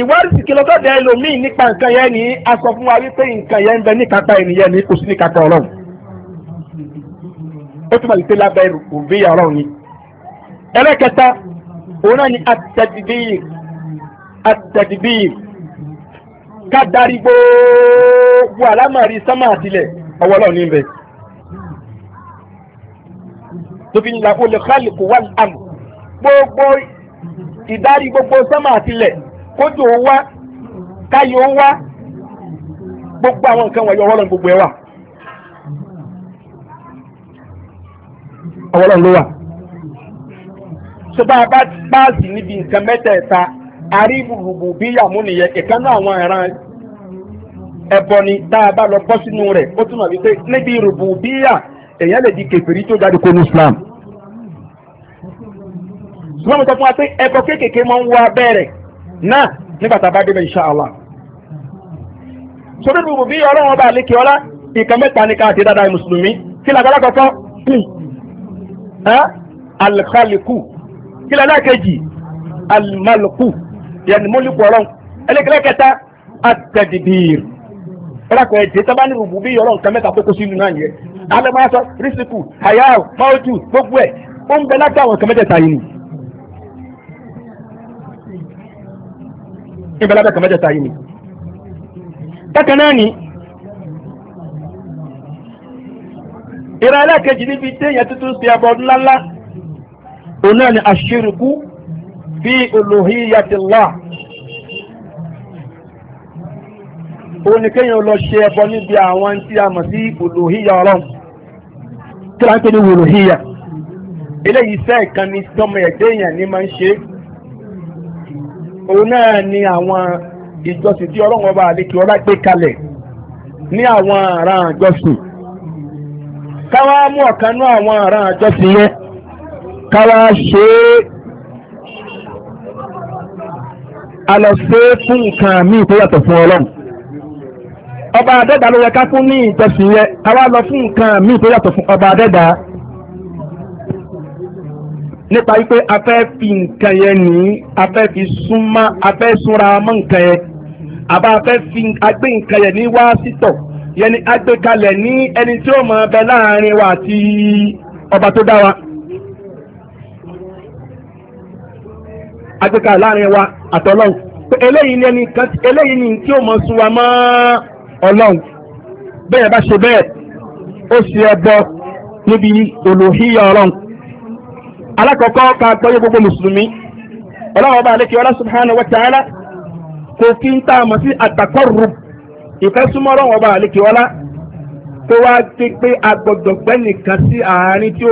ìwádìí kí lọ́sọ̀dọ̀ ẹlòmíì nípa nǹkan yẹn ní a fún wa wípé nǹkan yẹn ń bẹ ènìyàn ní kò sí ọlọ́run ó túmọ̀ lábẹ́ ọlọ́run ni ẹlẹ́kẹta òun náà ni atẹ̀dìbíyì atẹ̀dìbíyì ká darí gbogbo àlámọ̀rí sánmà àtilẹ̀ ọwọ́ ọlọ́run ní tó fi ń la olùkálùkù wà lánàá gbogbo ìdarí gbogbo sẹ́mà àtìlẹ̀ kójú ó wá káyọ̀ ó wá gbogbo àwọn nǹkan wọ̀nyí ọwọ́lọ́n gbogbo ẹ̀ wà. ọwọ́lọ́n ló wà. sọba bá páàsì níbi nǹkan mẹ́tẹ̀ẹ̀ta àríwùrùbù bí yàmú nìyẹn ìkànnì àwọn ìran ẹ̀bọ tá a bá lọ bọ́ sínú rẹ̀ ó túmọ̀ wípé níbi rùbù bíyà èèyàn lè di kèfèrí tó jáde kó ní Islam wọ́n mú sọ fún wa pé ẹ̀kọ́ kéékèèké máa ń wá bẹ́ẹ̀rẹ̀ náà nígbà tá a bá débẹ̀ insha Allah sórí gbogbo bí ọlọ́run ọba àlékè ọlá ìkan mẹ́ta ní káàtì dáadáa mùsùlùmí kí la gbọ́dọ̀ kọ́kọ́ alikaliku kí la náà kejì alimaluku yẹnni mólíkù ọlọ́run ẹlẹ́kẹ̀lẹ́ kẹta atẹ̀dìbìr ẹ̀rọ àkọ́ ẹ̀jẹ̀ tábà ní gbogbo bí ọlọ́run kan mẹ́ta tó kó sínú náà yẹn alẹ́mọ́sọ rísíkù hayal mọ́ọ̀dù gbogbo ẹ̀ ó ń bẹ láti àwọn kẹmẹ́tẹ̀ẹ̀ta yìí ni ń bẹ láti kẹmẹ́tẹ̀ẹ̀ta yìí ni bákan náà ni ìran ẹlẹ́ẹ̀kejì níbi téèyàn tuntun ṣe ẹbọ ńláńlá òun náà ni àṣírùkú fi olùhíyàtìláà òun ni kéèyàn lọ ṣe ẹbọ níbi àwọn tí a mọ̀ sí olùhíyà ọlọ́run tí wọ́n ń pè ní olùhíyà eléyìí iṣẹ́ ìkànnì tọmọ ẹ̀dẹ́ èèyàn ni máa ń ṣe òun náà ni àwọn ìjọsìn tí ọlọ́run ọba àlekè ọlá gbé kalẹ̀ ní àwọn àràn àjọsìn káwá mú ọ̀kan ní àwọn àràn àjọsìn yẹn káwá ṣe é a lọ ṣe é fún nǹkan míì tó yàtọ̀ fún ọlọ́run. ọba adẹ́dà ló yẹ ká fún ní ìjọsìn yẹ ká wá lọ fún nǹkan míì tó yàtọ̀ fún ọba adẹ́dà nípa wípé a fẹ́ fi nǹkan yẹn ní a fẹ́ fi súnmá a fẹ́ súnra mọ́ nǹkan yẹn àbá a fẹ́ agbé nǹkan yẹn ní wá sítọ̀ yẹn ni agbékalẹ̀ ní ẹni tí ó mọ̀ ọbẹ̀ ọba tó dá wa. láàrin wa àtọ́lọ́hùn eléyìí ni ẹni ni tí ó mọ̀ sún wa ọlọ́run bẹ́ẹ̀ bá ṣe bẹ́ẹ̀ ó ṣe ẹbọ níbi olùhíyà ọlọ́run alákọ̀ọ́kọ́ ká gbogbo mùsùlùmí ọlọ́run ọba àlékè ọlá subhanahu wa ta'ala kò kí ń tààmù sí àtàkọ́rù ìfẹ́ ọlọ́run ọba àlékè ọlá wá ti pé agbọ̀dọ̀ nìkan sí àárín tí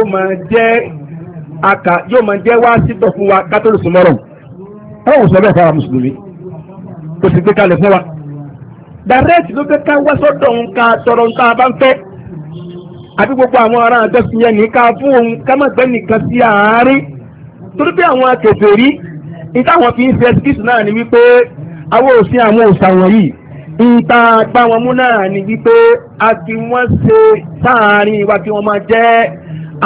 aka yóò máa jẹ́ wá wa ọlọ́run sọ bẹ́ẹ̀ fara mùsùlùmí kò sì gbé wa. direct ló fẹ́ ká wá sọ́dọ̀ òun ká tọrọ nǹkan abá ń fẹ́ àbí gbogbo àwọn ará àjọsìn yẹn ní ká fún òun ká má gbẹ́ nìkan sí àárín torí pé àwọn akẹ̀fẹ̀ rí ìtàwọn fi ń fi ẹsikísì náà ni wípé àwọn òsín àwọn òsà wọ̀nyí ìta àgbà wọn mú náà ni wípé a fi wọ́n ṣe sáàárín wa kí wọ́n máa jẹ́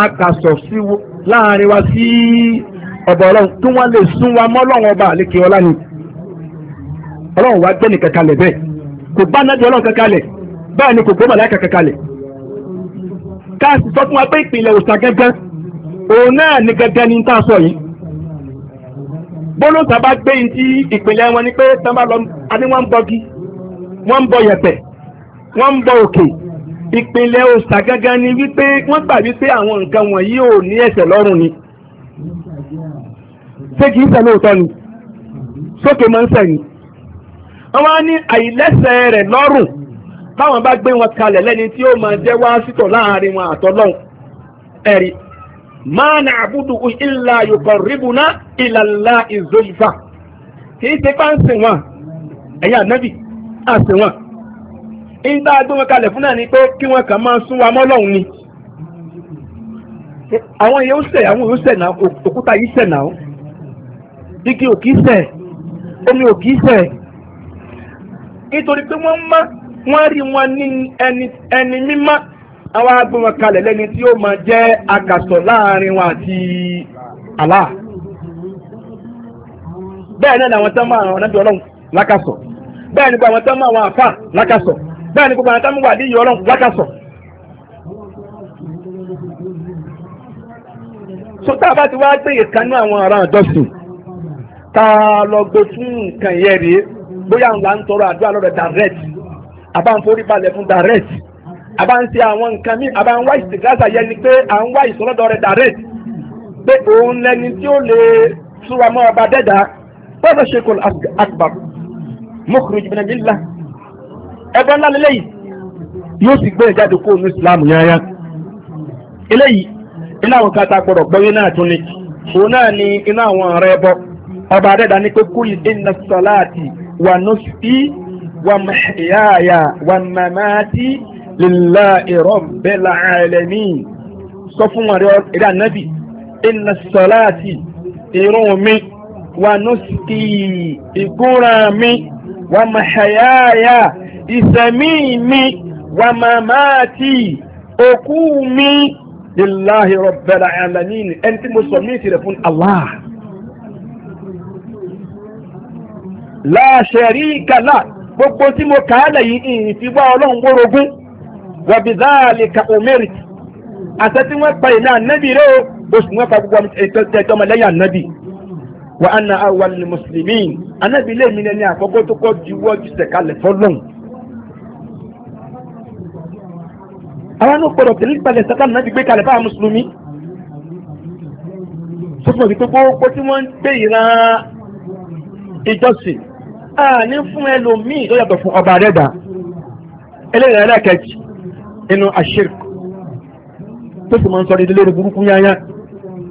akàsọ̀ sí láàárín wa sí ọ̀dọ̀ ọlọ́run kí wọ́n lè sún wa mọ́ ọlọ́run ọba àlékè ọlá ni ọlọ́run wa gbẹ́nìkan kalẹ̀ bẹ́ẹ̀ kò bá nájú ọlọ́run kankalẹ̀ bẹ́ẹ̀ ni kò gbọ́ màláìka kankalẹ̀ káàsì sọ fún wa pé ìpìlẹ̀ òòṣà gẹ́gẹ́ òun náà ni gẹ́gẹ́ ni tá a sọ yìí bólóòṣà bá gbé yìí tí ìpìlẹ̀ wọn ni pé tá a bá lọ àní wọ́n ń bọgi wọ́n ń bọ yẹ̀pẹ̀ wọ́n ń bọ òkè ìpìlẹ̀ òòṣà gẹ́gẹ́ ni wípé wọ́n gbà wípé àwọn nǹkan wọ̀nyí ò ní ẹ̀ṣẹ̀ lọ́rùn ni ṣé kìí ṣe lóòótọ́ ni sókè máa ń sẹ̀yìn wọ́n á ní àìlẹ́sẹ̀ rẹ̀ lọ́rùn báwọn bá gbé wọn kalẹ̀ lẹ́ni tí ó máa jẹ́ wá sítọ̀ láàrin wọn àtọ́lọ́hùn ẹ̀rí máa nà àbúdù ìlà yòókọ̀ ríbùná ìlàlá ìzòyìfà kì í ṣe ń sìn wọn ẹ̀yà nẹ́bì á sìn wọn. ìgbà gbé wọn kalẹ̀ fún náà ni pé kí wọn kàn máa ni. àwọn yóò sẹ̀ àwọn yóò sẹ̀ náà òkúta nítorí pé wọ́n má wọ́n rí wọn ní ẹni mímá àwọn agbóhùn kalẹ̀ lẹ́ni tí ó máa jẹ́ akàsọ̀ láàrin wọn àti bẹ́ẹ̀ náà làwọn tán máa àwọn ọ̀nàbí ọlọ́run lákàsọ̀ bẹ́ẹ̀ ni gbogbo àwọn tán máa àwọn àfà lákàsọ̀ bẹ́ẹ̀ ni gbogbo àwọn tán wà níyì ọlọ́run lákàsọ̀. bá ti wá gbé ìkànnì àwọn ará àjọsìn bóyá ńlá ń tọrọ àdúrà a direct àbá ń forí balẹ̀ fún direct àbá ń ṣe àwọn nǹkan míì àbá ń wá ìsìgáṣà yẹn ni pé à ń wá ìsọlọ́dọ̀ rẹ̀ direct pé òun lẹni tí ó lè súra mọ́ ọba dẹ́dà bọ́dọ̀ ṣe kò ni òun náà ni ọba adẹ́dà ní pé kúl inna salati wa nusuki wa mahyaya wa mamati lillahi rabbil alamin sọ fún wọn rí ànábì inna salati irun mi wa nusuki ìgúnra mi wa mahyaya ìsẹ̀mí mi wa mamati òkú mi lillahi rabbil alamin ẹni tí mo sọ mí ìsirẹ̀ fún Allah. la sharika la gbogbo tí mo kà á lẹ̀ yìí ìfìwá ọlọ́run gbórogún wa bidhalika umirt àṣẹ tí wọ́n pa ìlànà nẹ́bì rẹ̀ o oṣù wọn pa gbogbo ẹ̀tọ́ ọmọlẹ́yìn ànábì wa ana awal muslimin ànábì lè mi lẹ́ni àkọ́kọ́ tó kọ́ juwọ́ ju sẹ̀kalẹ̀ fọ́lọ́n. àwọn náà gbọdọ̀ tẹ̀lé ìpàdé sátá nàbì gbé kalẹ̀ fáwọn mùsùlùmí. sọ́kùnrin tó gbogbo tí wọ́n ń gbé ìran ìjọsìn àní fún ẹlòmíì tó yàtọ̀ fún ọba àdẹ́dà eléyìí ẹlẹ́kẹ̀jì nínú àṣírkù tó sì máa ń sọ ní ilé burúkú yányá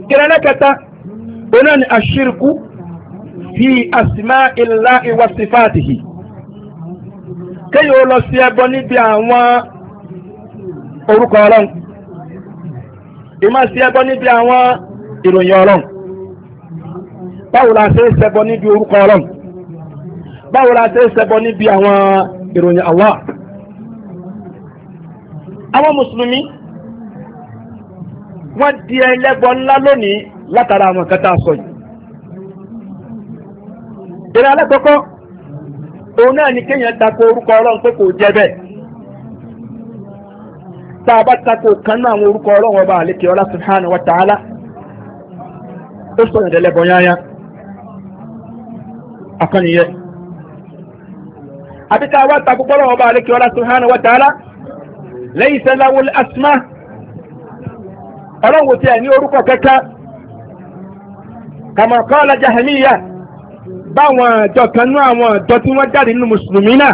kìrì ẹlẹ́kẹta òun náà ni àṣírkù fi asma'illahi wa sifatihi kéyìí ó lọ sí ẹbọ níbi àwọn orúkọ ọlọ́run ìmọ̀ sí ẹbọ níbi àwọn ìròyìn ọlọ́run báwo la ṣe ń ṣẹbọ níbi orúkọ ọlọ́run báwo la ṣe ń ṣẹbọ níbi àwọn ìròyìn awa àwọn mùsùlùmí wọ́n di ẹlẹ́bọ ńlá lónìí látara àwọn kẹta sọ yìí ìrìn alákọ̀ọ́kọ́ òun náà ni kéèyàn tako orúkọ ọlọ́run pé kò jẹ́ bẹ́ẹ̀ tá a bá tako kan náà àwọn orúkọ ọlọ́run ọba àlékè ọlá subhanahu wa ta'ala ó sọ̀rọ̀ yáyá àti ká wá takú pọ́lọ́ ọba àlékè ọlá subhanahu wa ta'ala laysa lahu al-asma ọlọ́run ti ẹ̀ ní orúkọ kẹta kama qala jahamiya báwọn ìjọ kan nú àwọn ìjọ tí wọ́n jáde nínú mùsùlùmí náà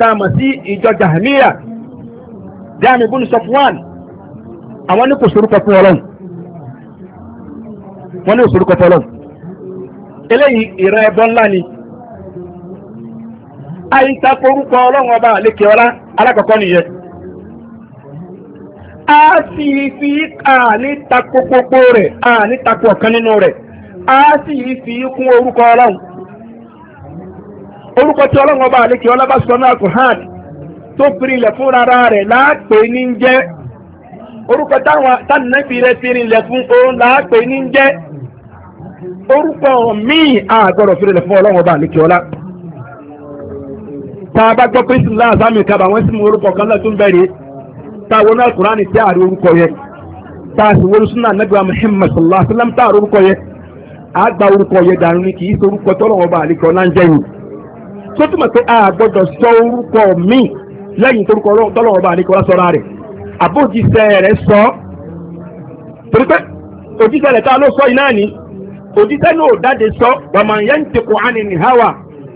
táàmà sí ìjọ jahamiya jáàmì bùnú Safwan àwọn ní kò sorúkọ fún ọlọ́run wọ́n ní kò sorúkọ fún ọlọ́run eléyìí ìran ẹbọ ni. àìta forúkọ ọlọ́run ọba àlékè ọlá alákọ̀ọ́kọ́ nìyẹn a sì fi àní tako pópó rẹ̀ àní tako ọ̀kan nínú rẹ̀ a sì fi kún orúkọ ọlọ́run orúkọ tí ọlọ́run ọba ọlá bá sọ náà kò tó firi fún rárá rẹ̀ láàpè ní jẹ́ orúkọ táwọn tánàbí rẹ̀ firi ilẹ̀ fún òun láàpè ní jẹ́ orúkọ míì àgọ́rọ̀ tá a bá gbọ́ pé sílá àzámi kaba wọ́n sì mú orúkọ kan lẹ́ẹ̀ ń bẹ̀rẹ̀ tá a wọnú alukurani tí a rí orúkọ yẹ a sì wọnú súnà nàgbà Muhammad sallallahu alaihi wa tá a rí orúkọ yẹ a gba orúkọ yẹ dànù ni kì í orúkọ tọ́lọ̀ wọn bá a gbọ́dọ̀ sọ orúkọ lẹ́yìn tọ́lọ̀ wọn bá a ni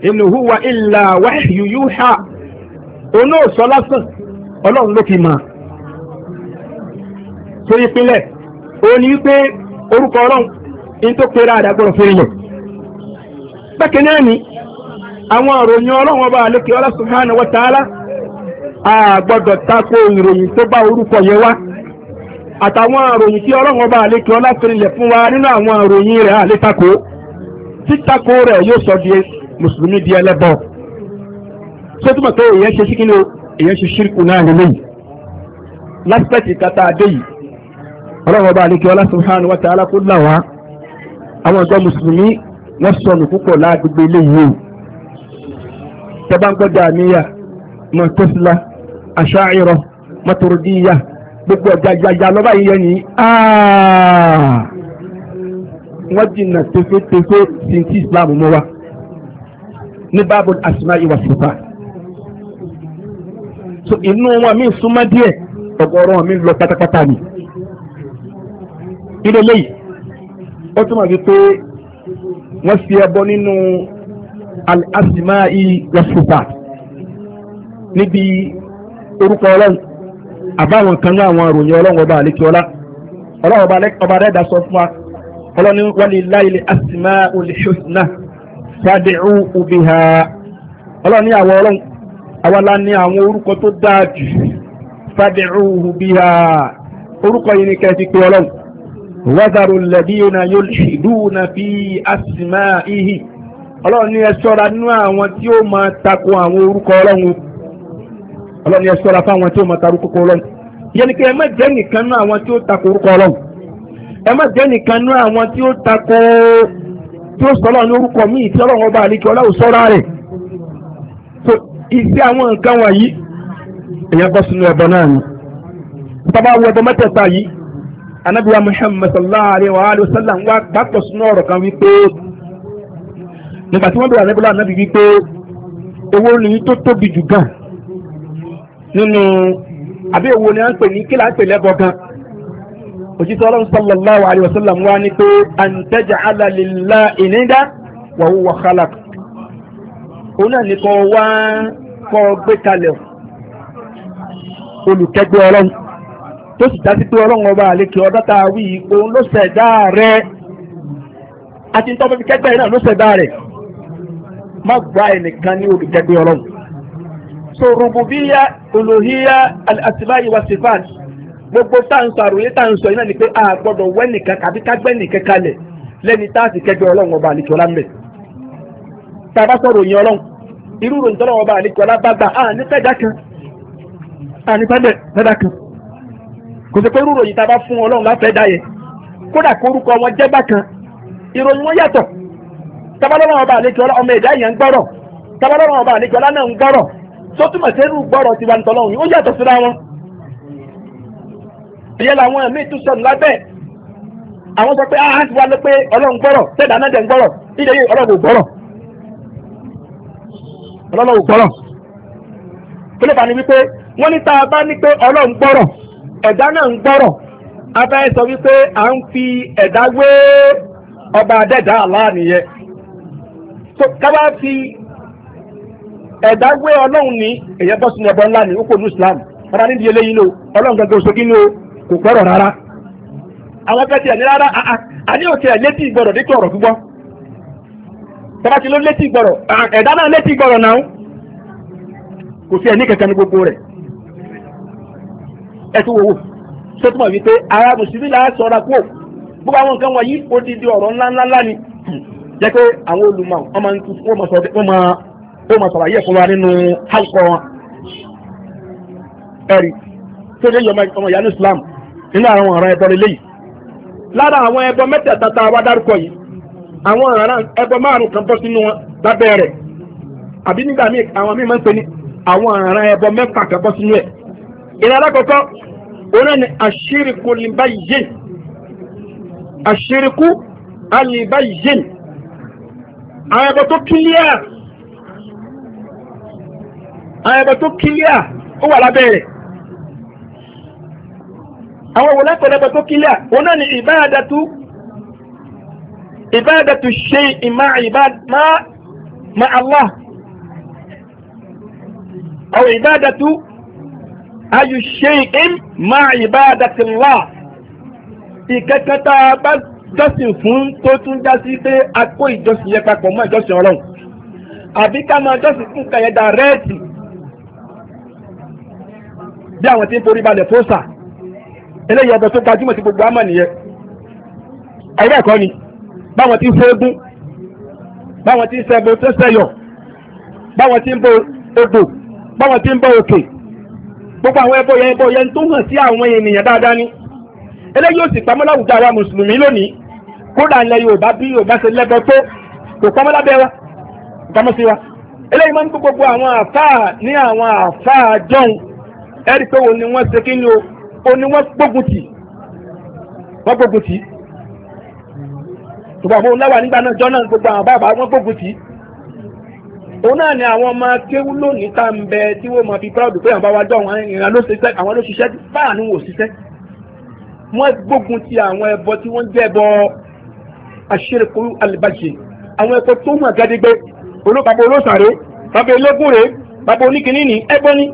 in huwa illa wahyu yuha òun náà sọ lásán ọlọ́run ló fi mọ̀ torí pinlẹ̀ òun ni wípé orúkọ ọlọ́run in tó pera àdàgbọ̀rọ̀ fún èèyàn bẹ́ẹ̀ náà ni àwọn ìròyìn ọlọ́run ọba àlékè ọlá subhanahu wa ta'ala rẹ̀ yóò sọ di mùsùlùmí di ẹlẹ́bọ tó túmọ̀ tó èyàn ṣe sí kí ni èyàn ṣe ṣírkù náà nílé yìí láspẹ̀tì kata adé yìí ọlọ́run ọba àlekí ọlá subhanahu wa ta'ala kó là wá àwọn ọ̀dọ́ mùsùlùmí wọ́n sọnù púpọ̀ láàgbègbè eléyìí o tẹ́bá ń gbọ́dọ̀ àníyà mọ̀tẹ́sílá àṣàìrọ̀ mọ̀tòròdìyà gbogbo ọ̀gá ìyàyà lọ́ba yìí yẹn nìyí wọ́n jìnnà tefetefe sí ti Islam mọ́ wa ní báàbò àsìmá ìwà sífà so inú wọn mi súnmọ́ díẹ̀ ọ̀gọ̀rọ̀ wọn mi lọ pátápátá ni ilé lẹ́yìn ó túmọ̀ sí pé wọ́n fi ẹbọ nínú àsìmá ìwà sífà níbi orúkọ ọlọ́run àbáwọn kan ní àwọn ìròyìn ọlọ́run ọba àlékí ọlọ́run ọba rẹ̀ sọ fún wa ọlọ́run walillahi al-asmaul husna tàdíhù ubiha ọlọ́ni àwọn ọlọ́run àwọn la àwọn orúkọ tó dáa ubiha orúkọ yìí ni kẹ́ẹ̀sì pé ọlọ́run wàzàrò lẹ́bíyìnà yulhiduna fi asma'ihi ọlọ́run ní ẹ ṣọ́ra nínú àwọn tí ó máa tako àwọn orúkọ ẹ fáwọn tí ó máa tako yẹn ni ẹ má jẹ́ nìkan àwọn tí ó orúkọ ẹ má jẹ́ nìkan àwọn tí tí ó sọ ní lórúkọ míì tí ọlọ́run ọba àlekè ọlá ò sọ́ra rẹ̀ so iṣẹ́ àwọn nǹkan wọ̀nyí èèyàn bọ́ sínú ẹbọ náà ni tọ́ba wo ẹbọ mẹ́tẹ̀ẹ̀ta yìí anabiwa muhammed sallallahu alayhi wa alayhi wa sallam wa gbàtọ̀ sínú ọ̀rọ̀ kan wípé nígbà tí wọ́n bẹ̀rẹ̀ anabi wípé owó ni tó tóbi jù gan nínú àbí ni òjíṣẹ́ ọlọ́run sallallahu alayhi wa sallam wá ní pé an taj'ala lillahi nida wa huwa khalaq òun náà ní kọ́ wá kọ́ gbé kalẹ̀ olùkẹ́gbẹ́ ọlọ́run tó sì dásí pé ọlọ́run ọba àlekè ọdọ́ tá wí òun ló ṣẹ̀dá rẹ àti ní tọ́pẹ́ fi kẹ́gbẹ́ náà ló ṣẹ̀dá rẹ má gba ẹnìkan ní olùkẹ́gbẹ́ ọlọ́run so rububiya uluhiya al-asma'i wa sifat gbogbo táǹsọ àròyé táǹsọ yìí náà ni pé a na wẹ́ nìkan kàbí kágbẹ́ kalẹ̀ lẹ́ni táàsì kẹgbẹ́ ọlọ́run ọba àlejòlá mẹ́. tàbá sọ̀rọ̀ òyìn ọlọ́run irú tọ́lọ́run ọba àlejòlá bá gbà ní fẹ́dá kan fẹ́dá kan kò sí pé irú tàbá fún ọlọ́run láfẹ́dá yẹ kódà wọn jẹ́ bákan ìròyìn wọn yàtọ̀ tàbá ọba ọmọ ẹ̀dá ìyẹn làwọn ẹ̀mí tún sọ̀rọ̀ lábẹ́ àwọn sọ pé a ti wá lọ pé ọlọ́run gbọ́rọ̀ tẹ́lẹ̀ anájẹ ń gbọ́rọ̀ ìdè yìí ọlọ́run gbọ́rọ̀ ọlọ́run gbọ́rọ̀ kí ló fà ní wípé wọ́n ní tá a bá ní pé ọlọ́run gbọ́rọ̀ ẹ̀dá náà ń gbọ́rọ̀ abẹ́ sọ wípé à ń fi ẹ̀dá wé ọba adẹ́dá tó fi ẹ̀dá wé ọlọ́run ní ńlá ní ó kò gbọ́rọ̀ rárá àwọn kan a ní rárá àní òkè ẹ̀ létí ìgbọ̀rọ̀ dípò ọ̀rọ̀ gbígbọ́ tọ́ba ti ló létí ìgbọ̀rọ̀ ẹ̀dá náà létí ìgbọ̀rọ̀ náà kò sí ẹni kankan ní gbogbo rẹ̀ ẹ tún wò tó túmọ̀ wípé ara mùsùlùmí là á kúò gbogbo àwọn nǹkan wọ̀nyí ọ̀rọ̀ ni jẹ́ pé àwọn olùmọ̀ wọ́n máa ń Islam nínú àwọn ọ̀ràn ẹbọ lélẹ̀ yìí lára àwọn ẹbọ mẹ́tẹ̀ẹ̀ta tá a wá dárúkọ yìí àwọn ọ̀ràn ẹbọ márùn kan bọ́ sínú wọn lábẹ́ rẹ̀ àbí nígbà míì àwọn míì máa ń pè ní àwọn ọ̀ràn ẹbọ mẹ́fà kan bọ́ sínú ẹ̀ ìrìn alákọ̀ọ́kọ́ òun náà ni àṣírikù libayyin àṣírikù alibayyin àwọn ẹbọ tó kílíà àwọn ẹbọ tó kílíà ó wà lábẹ́ rẹ̀ àwọn òwò lápẹ̀lẹpẹ̀ tó kílẹ̀ òun náà ni ìbáradàtú ìbáradàtú ṣe ìmá ìbá Allah àwọn ìbáradàtú ayù ṣe ìmá ìbáradàtú Allah ìkẹ́kẹ́ta bá jọ́sìn fún tó tún já sí pé a kó ìjọsìn yẹn papọ̀ mọ́ ìjọsìn ọlọ́run àbí ká máa jọ́sìn fún kàyẹ̀dà rẹ́ẹ̀tì bí àwọn tí ń forí balẹ̀ fóòsà eléyìí ẹbẹ tó gbajúmọ̀ sí gbogbo àmọ́ nìyẹn ẹgbẹ́ ẹ̀kọ́ ni báwọn ti ń fẹ́gún báwọn ti ń sẹ́bù tó sẹ́yọ̀ báwọn ti ń bọ odò báwọn ti ń bọ òkè gbogbo àwọn ẹbọ yẹn ẹbọ yẹn tó hàn sí àwọn ènìyàn dáadáa ni eléyìí ò sì pamọ́ láwùjọ àwa mùsùlùmí lónìí kódà ilẹ̀ Yorùbá bí Yorùbá ṣe lẹ́bọ tó kò pamọ́ lábẹ́ wa pamọ́ sí wa eléyìí máa ń gbogbo àwọn àfáà ní àwọn àfáà jọ̀hún ẹ̀rí pé òun ni wọ́n ṣe kí ni o òní wọ́n gbógun tì wọ́n gbógun tì ṣùgbọ́n àwọn oláwà nígbà náà jọ náà gbogbo àwọn bàbá wọ́n gbógun tì òun náà ni àwọn ọmọ kéwú lónìí tá ń bẹ tí wọ́n máa fi proud pé àwọn àwájọ àwọn ìran ló ṣiṣẹ́ àwọn ló ṣiṣẹ́ báà ni wò ṣiṣẹ́ wọ́n gbógun ti àwọn ẹbọ tí wọ́n jẹ́ ẹbọ àṣírikú alìbàṣe àwọn ẹbọ tó mọ̀ gẹ́gẹ́gbẹ́ olóbàbọ̀ olóṣàré bàbá elégún rèé bàbá oníkìíní ní ẹbọ ní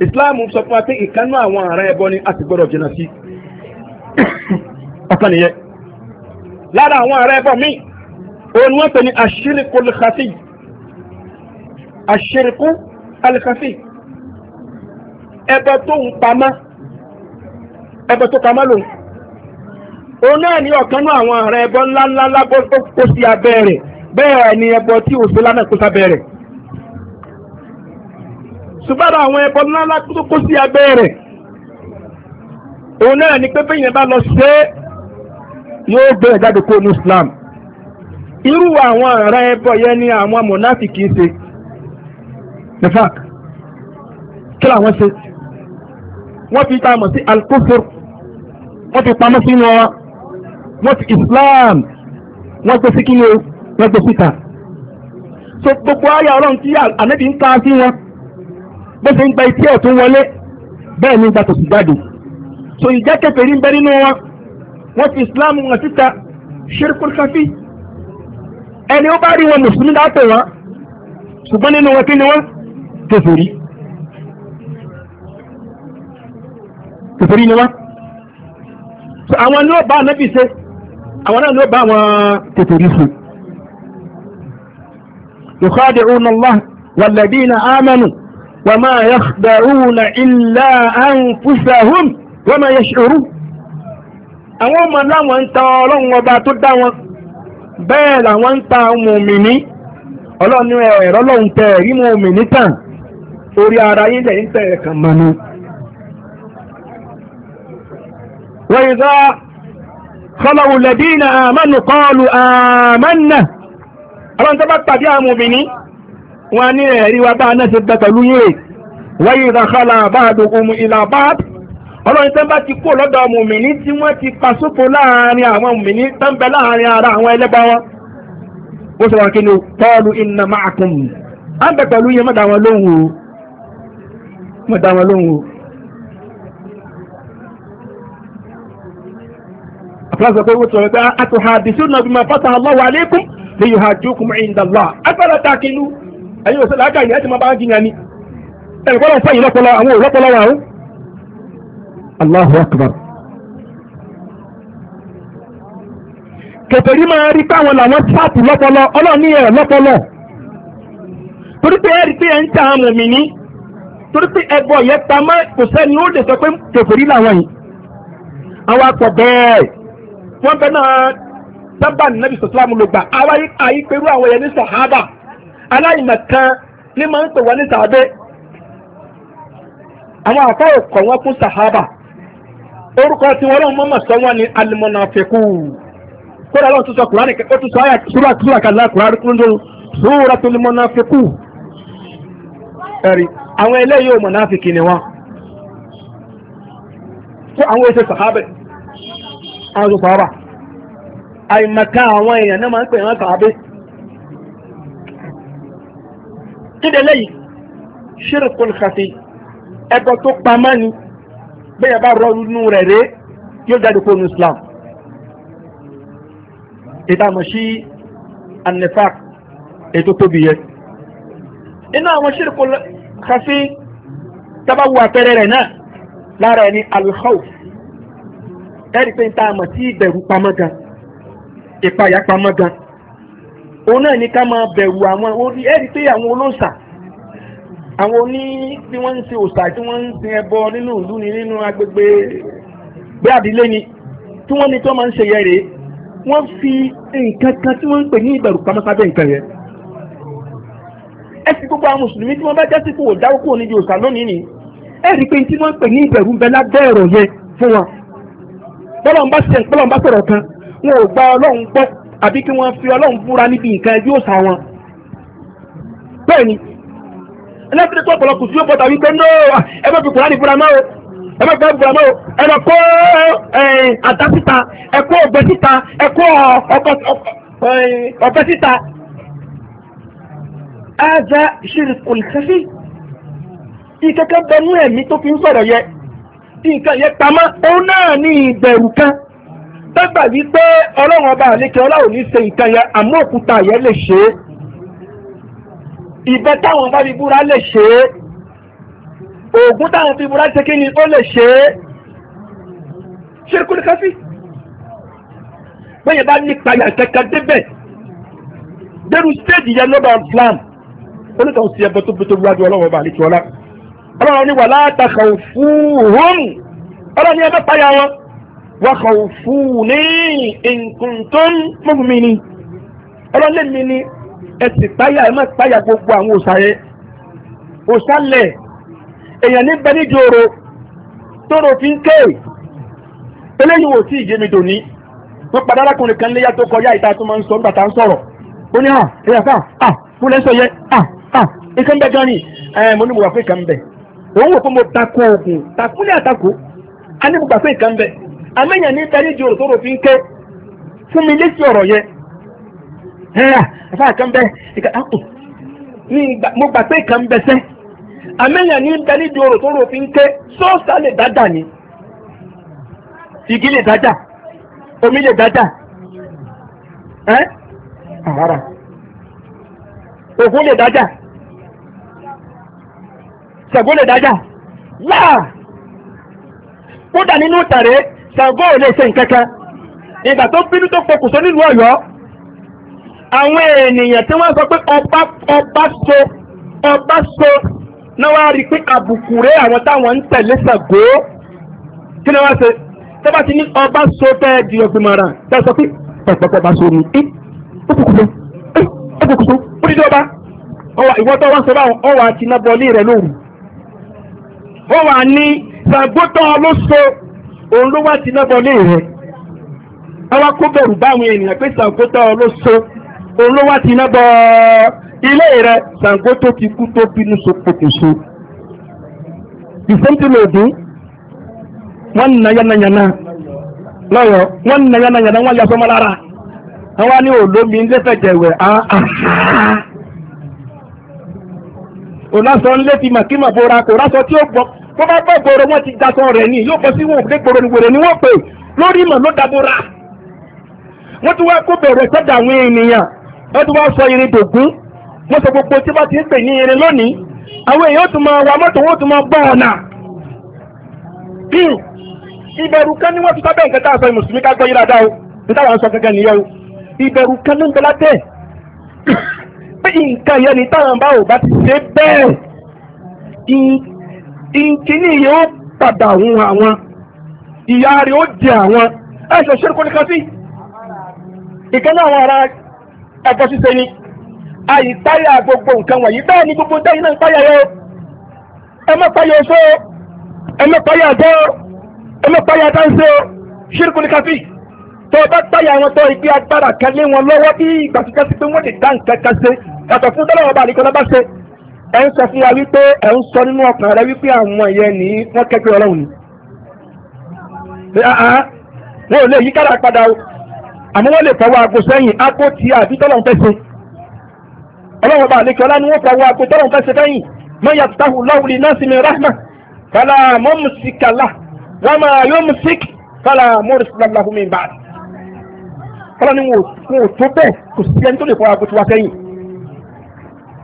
islam sọ fún wa pé ìkánú àwọn ará ẹbọ ni a ti gbọ́dọ̀ jìnnà sí ọkàn nìyẹn lára àwọn ará ẹbọ míì òun wọ́n pè ní àṣírikù lùkàfí àṣírikù alùkàfí ẹbọ tó ń pamọ́ ẹbọ tó pamọ́ lòun òun náà ní ọ̀kan náà àwọn ará ẹbọ ńláńlá lágbó kó sí abẹ́ rẹ̀ bẹ́ẹ̀ ni ẹbọ tí òṣèlú náà kó sábẹ́ rẹ̀ ṣùgbọ́n àwọn ẹbọ ńláńlá tó kó sí abẹ́ rẹ̀ òun náà ni pé bẹ́yìn bá lọ ṣe é yóò gbé ẹ̀jáde kó ní Islam irú àwọn ọ̀rẹ́ ẹbọ yẹn ni àwọn mọ̀náfìkì ṣe nefak kí làwọn ṣe wọ́n fi ta mọ̀ sí alkufur wọ́n fi pamọ́ sínú wa wọ́n fi Islam wọ́n gbé sí kí ni o wọ́n gbé síta so gbogbo ayé ọlọ́run tí ànábì ń ta sí wọn bó ṣe ń gba etí ọ̀tún wọlé bẹ́ẹ̀ ni ìgbà tòsí jáde so ìjà kèfèrí ń bẹ nínú wọn wọ́n fi islam wọn síta ṣírkùn káfí ẹni ó bá rí wọn mùsùlùmí látọ̀ wọn ṣùgbọ́n nínú wọn kí ni wọ́n kèfèrí kèfèrí ni wọ́n so àwọn ni ó bá anábì ṣe àwọn náà ni ó bá àwọn kèfèrí ṣe yukhadi'una Allah wal ladina amanu. وما يخدعون إلا أنفسهم وما يشعرون àwọn ọmọ láwọn ń ta ọlọ́run ọba tó dá wọn bẹ́ẹ̀ làwọn ń ta mùmìnì ọlọ́run ẹ̀rọ lọ́hùn tẹ ẹ̀rí mùmìnì tàn orí ara yín lẹ̀ ń tẹ̀ ẹ̀kàn mọ́ni. وإذا خلوا الذين آمنوا قالوا آمنا ọlọ́run tó bá pàdé àwọn wọ́n ní ẹ̀rí wa báa náà ti bẹ pẹ̀lú yìí wáyé ìdàkálà ba'dukum ila ba'd ọlọ́run tó bá ti kó lọ́dọ̀ mùmìnì tí wọ́n ti pa sófo láàrin àwọn mùmìnì tó ń bẹ láàrin ara àwọn ẹlẹ́gbọ́n wọn ó sọ wọn kí ni qalu inna ma'akum à ń bẹ pẹ̀lú yìí mọ̀dà wọn lóhùn o mọ̀dà wọn lóhùn o. àfúrásọ pé wọ́n sọ̀rọ̀ pé àtúhàdìsúnà bima fataha Allahu alaykum liyuhajjukum inda Allah agbára takilu. ẹ̀yin òṣèlú àgà yìí ẹ̀jẹ̀ máa bá ń jiyàn ni ẹ̀rù ń fẹ́yìn lọ́pọlọ àwọn òrọ́pọlọ wà ó. Allahu akbar. kẹfẹ́rí máa rí káwọn làwọn sáàpù lọ́pọlọ ọlọ́ọ̀ni ẹ̀ lọ́pọlọ torí pé ẹ̀rí pé ẹ̀ ń ta àmọ̀ mí ní torí pé ẹbọ yẹn ta má kò sẹ́ni ó lè sọ pé kẹfẹ́rí làwọn yìí ala ní máa ń pè wọ́n ní sàábé àwọn àfá òkọ̀ wọn fún sàhábà orúkọ tí wọ́n lọ́wọ́ mọ́mọ́ sọ wọ́n ní alimọ̀nàfẹ́kù kódà lọ́wọ́ tó sọ kùránì ó tún sọ àyà súrà súrà kùránì kúrò súrà tó lè mọ̀nàfẹ́kù ẹ̀rí àwọn eléyìí ò ka ni wọ́n àwọn èsè sàhábà àwọn kíde lẹ́yìn ṣírìkùn kàfi ẹbọ tó pamọ́ ni bẹ́ẹ̀ bá rọrùn nù rẹ̀ ré yóò jáde kó nu Islam ìtààmú sí anifak ètò tóbi yẹ inú àwọn ṣírìkùn kàfi tábàwù àpẹẹrẹ rẹ̀ náà lára ẹni alkhawf ẹ̀rí pé ìtààmú sí ìbẹ̀rù pamọ́ gan ìpayà pamọ́ gan òun náà ní ká máa bẹ̀rù àwọn orí ẹ̀rí pé àwọn olóòṣà àwọn oní tí wọ́n ń ṣe òòṣà tí wọ́n ń sin ẹbọ nínú ìlú ni nínú agbègbè gbé àdílé ni tí wọ́n ní tó máa ń ṣe yẹ rèé wọ́n fi nǹkan kan tí wọ́n ń pè ní ìbẹ̀rù pamọ́ sábẹ́ nǹkan yẹn ẹ sì gbogbo àwọn mùsùlùmí tí wọ́n bá jásí kó dáwó kúrò níbi òòṣà lónìí ni ẹ rí i pé tí wọ́n ń pè ní ìbẹ̀rù ń bẹ lábẹ́ ẹ̀rọ yẹn fún wọn bọ́lọ̀ ń bá sọ̀rọ̀ àbí kí wọ́n fi ọlọ́run búra níbi nǹkan ẹbí òsà wọn bẹ́ẹ̀ ni ẹlẹ́fẹ̀ẹ́ tó ọ̀pọ̀lọpọ̀ sí ọ̀pọ̀ta wípé ní ẹgbẹ́ fi kùránì búra mọ́ ẹgbẹ́ fi búra mọ́ ẹnà kó àdá síta ẹkọ́ ọ̀gbẹ́ síta ẹkọ́ ọ̀pẹ síta ẹ̀ẹ́dẹ́ ṣírí olùkẹ́fì ìkẹ́kẹ́ bẹnú ẹ̀mí tó fi ń sọ̀rọ̀ yẹ nǹkan yẹ pamọ́ òun náà ní ìbẹ̀rù kan tọ́gbà wípé ọlọ́run ọba àlékè ọlọ́run ní ṣe nǹkan yẹn àmọ́ òkúta yẹn lè ṣe é ìbẹ́ táwọn bá fi búra lè ṣe é òògùn táwọn fi búra ṣe kí ni ó lè ṣe é ṣe kúrú káfí bẹ́ẹ̀ bá ní ìpayà kẹ̀kẹ́ débẹ̀ dẹ́rù stéèjì yẹn lọ́dọ̀ Islam oníkan sí ẹbọ tó bótó wájú ọlọ́run ọba àlékè ọlá ọlọ́run ní wàhálà àtàkàn fún òhún ọlọ́run ní ẹbẹ́ payà wọn wàkàwùfúùní nǹkan mọ́mìnì ọlọ́lẹ́mi ni ẹ sì páyà ẹ má páyà gbogbo àwọn òsàyẹ òsàlẹ̀ èèyàn níbẹ̀ níjòòrò tóró fi ń ké eléyìí wò sí ìyémi dòní wọ́n padà arákùnrin kan léyà tó kọjá ìta tó máa ń sọ nígbà tá à ń sọ̀rọ̀ ó ní à èèyàn fà à mo lẹ́ yẹ à à nǹkan bẹ́ẹ̀ gan ni ẹ̀ mo ní mo wà fún ìkànnì bẹ̀ òun wò pé mo takò oògùn takò ní àtakò a ní mo gbà fún ìkànnì bẹ́ẹ̀ àmẹ́yàn ní bẹ́ẹ̀ nídìí òròtòrò fi ń ké fún mi lésì ọ̀rọ̀ yẹn ẹ̀rà àfáà kan bẹ́ẹ̀ ìkà ápò mo gbà pé kan bẹ́sẹ́ àmẹ́yàn ní bẹ́ẹ̀ nídìí òròtòrò fi ń ké sọ́ọ̀sà lè dájà ni igi lè dájà omi lè dájà ẹ́ àwárà ògùn lè dájà ṣàgbọ́n lè dájà láà kódà nínú tàrẹ́ Ṣàngó ò lè ṣe nǹkankan ìgbà tó bínú tó pokùnso nílùú Ọ̀yọ́ àwọn ènìyàn tí wọ́n sọ pé ọba ọba so ọba so náà wá rí i pé àbùkù rẹ àwọn táwọn ń tẹ̀lé Ṣàngó kí ni wọ́n ṣe tó bá ti ní ọba so fẹ́ di ọgbìmọ̀ rà bẹ́ẹ̀ sọ pé pẹ̀pẹ̀pẹ̀ ọba so ni eh, ó pokùnso eh, ó pokùnso ó dídí ọba ìwọ tó wá ń sọ báwọn ọwọ́ àti iná bọ́ọ̀lì rẹ lóru wọ́n wà ní Ṣàngó tó ló so. òun ló ti lọ́bọ̀ lé rẹ̀ ọwọ́ kó bẹ̀rù báwọn ènìyàn pé sàǹgótọ́ ló so ti lọ́bọ̀ ilé rẹ̀ sàǹgótọ́ ti kú tó bínú so pokùnso ìsèǹtìlódù wọ́n nà yánnayànna lọ́yọ̀ wọ́n nà yánnayànna wọ́n yasọ́mọ́ lára àwọn ni òlómi ń lẹ́fẹ̀ẹ́ jẹ̀wẹ̀ ah, ah, ah, kò lásán ń létí mà kí bora kò tí ó gbọ́ bó bá gbọ́ gbòòrò wọn ti dasọ rẹ̀ ni yóò bọ́ sí wọn òde gbòòrò ni wèrè ni wọ́n pè lórí ìmọ̀ ló dabora wọ́n ti wá kó bẹ̀rẹ̀ sọ́dọ̀ àwọn ènìyàn wọ́n ti wá sọ irin dògún ni wọ́n ti sábẹ́ nǹkan tá a sọ mùsùlùmí ká gbọ́ yíra dá o pé nǹkan yẹn ni táwọn bá ò bá ti ṣe bẹ́ẹ̀ ìkíní yìí ó padà hun àwọn ìyá rẹ̀ ó jẹ àwọn ẹ̀ṣẹ̀ ṣe kó nìkan sí ìkan náà àwọn ará ẹ̀kọ́ ṣíṣe ni àyíkáyà gbogbo nǹkan wọ̀nyí bẹ́ẹ̀ ni gbogbo dẹ́yìn náà ń páyà yọ ẹ má páyà oṣó ẹ má páyà àjọ ẹ má páyà dáńsó ṣe kó nìkan sí tó bá páyà wọn tó ìgbé agbára kan lé wọn lọ́wọ́ bí ìgbà kíkásí pé wọ́n lè dá nǹkan kan ṣe yàtọ̀ fún tọ́lọ́wọ́ bá nìkan bá ṣe ẹ̀ ń sọ fún wa wípé ẹ̀ ń sọ nínú ọkàn rẹ wípé àwọn ẹ̀yẹ ní wọ́n kẹ́kẹ́ ọlọ́run ni. Ah, ah, wọn ò lè yí kára padà o àmọ́ wọ́n lè fọwọ́ aago sẹ́yìn aago tí àbí tọ́lọ́run fẹ́ ṣe. ọlọ́wọ́ bá nìkan ọlá ni wọ́n fọwọ́ aago tọ́lọ́run fẹ́ ṣe fẹ́yìn mọ́ yàtàhù lọ́wùlì náà sí mi rahma fàlà mọ́mùsíkàlà wọ́n máa yọ mùsík fàlà mọ́rùsíláláhùmí bá. ọlọ́ni wọn ò tó bẹ́ẹ̀ kò sí ẹni tó lè fọwọ́ aago tí sẹ́yìn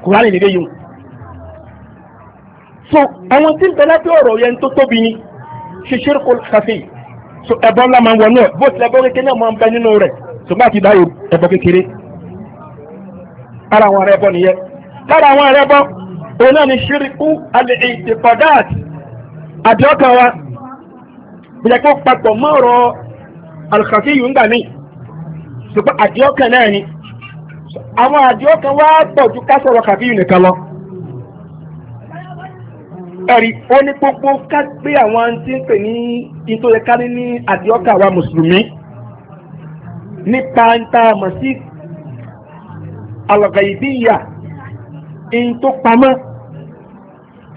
kùránì nílé yìí so àwọn tí ń bẹ lábẹ́ ọ̀rọ̀ yẹn tó tóbi ni ṣiṣẹ́ kò kàfé so ẹbọ ńlá máa ń wọnú ẹ bó tilẹ̀ bọ́ kékeré náà máa ń bẹ nínú rẹ̀ ṣùgbọ́n àti dáyò ẹbọ kékeré ara àwọn ará ẹbọ nìyẹn lára àwọn ará ẹbọ òun náà ni ṣíríkú alẹ́ ìtìkọ̀dáàt àdìọ́kàn wa ìjẹ́ kó papọ̀ mọ́ ọ̀rọ̀ alùkàfíyù ńgbà míì ṣùgbọ́n àdìọ́kàn náà ni àwọn àdìọ́ kan wá pọ̀ kásọ̀rọ̀ kàfíyù nìkan lọ ẹ̀rí ó ní gbogbo ká pé àwọn tí ń pè ní nítorí kárí ní àdìọ́kà wa mùsùlùmí nípa ń mọ̀ sí alọ̀gàyìbíyà ń tó pamọ́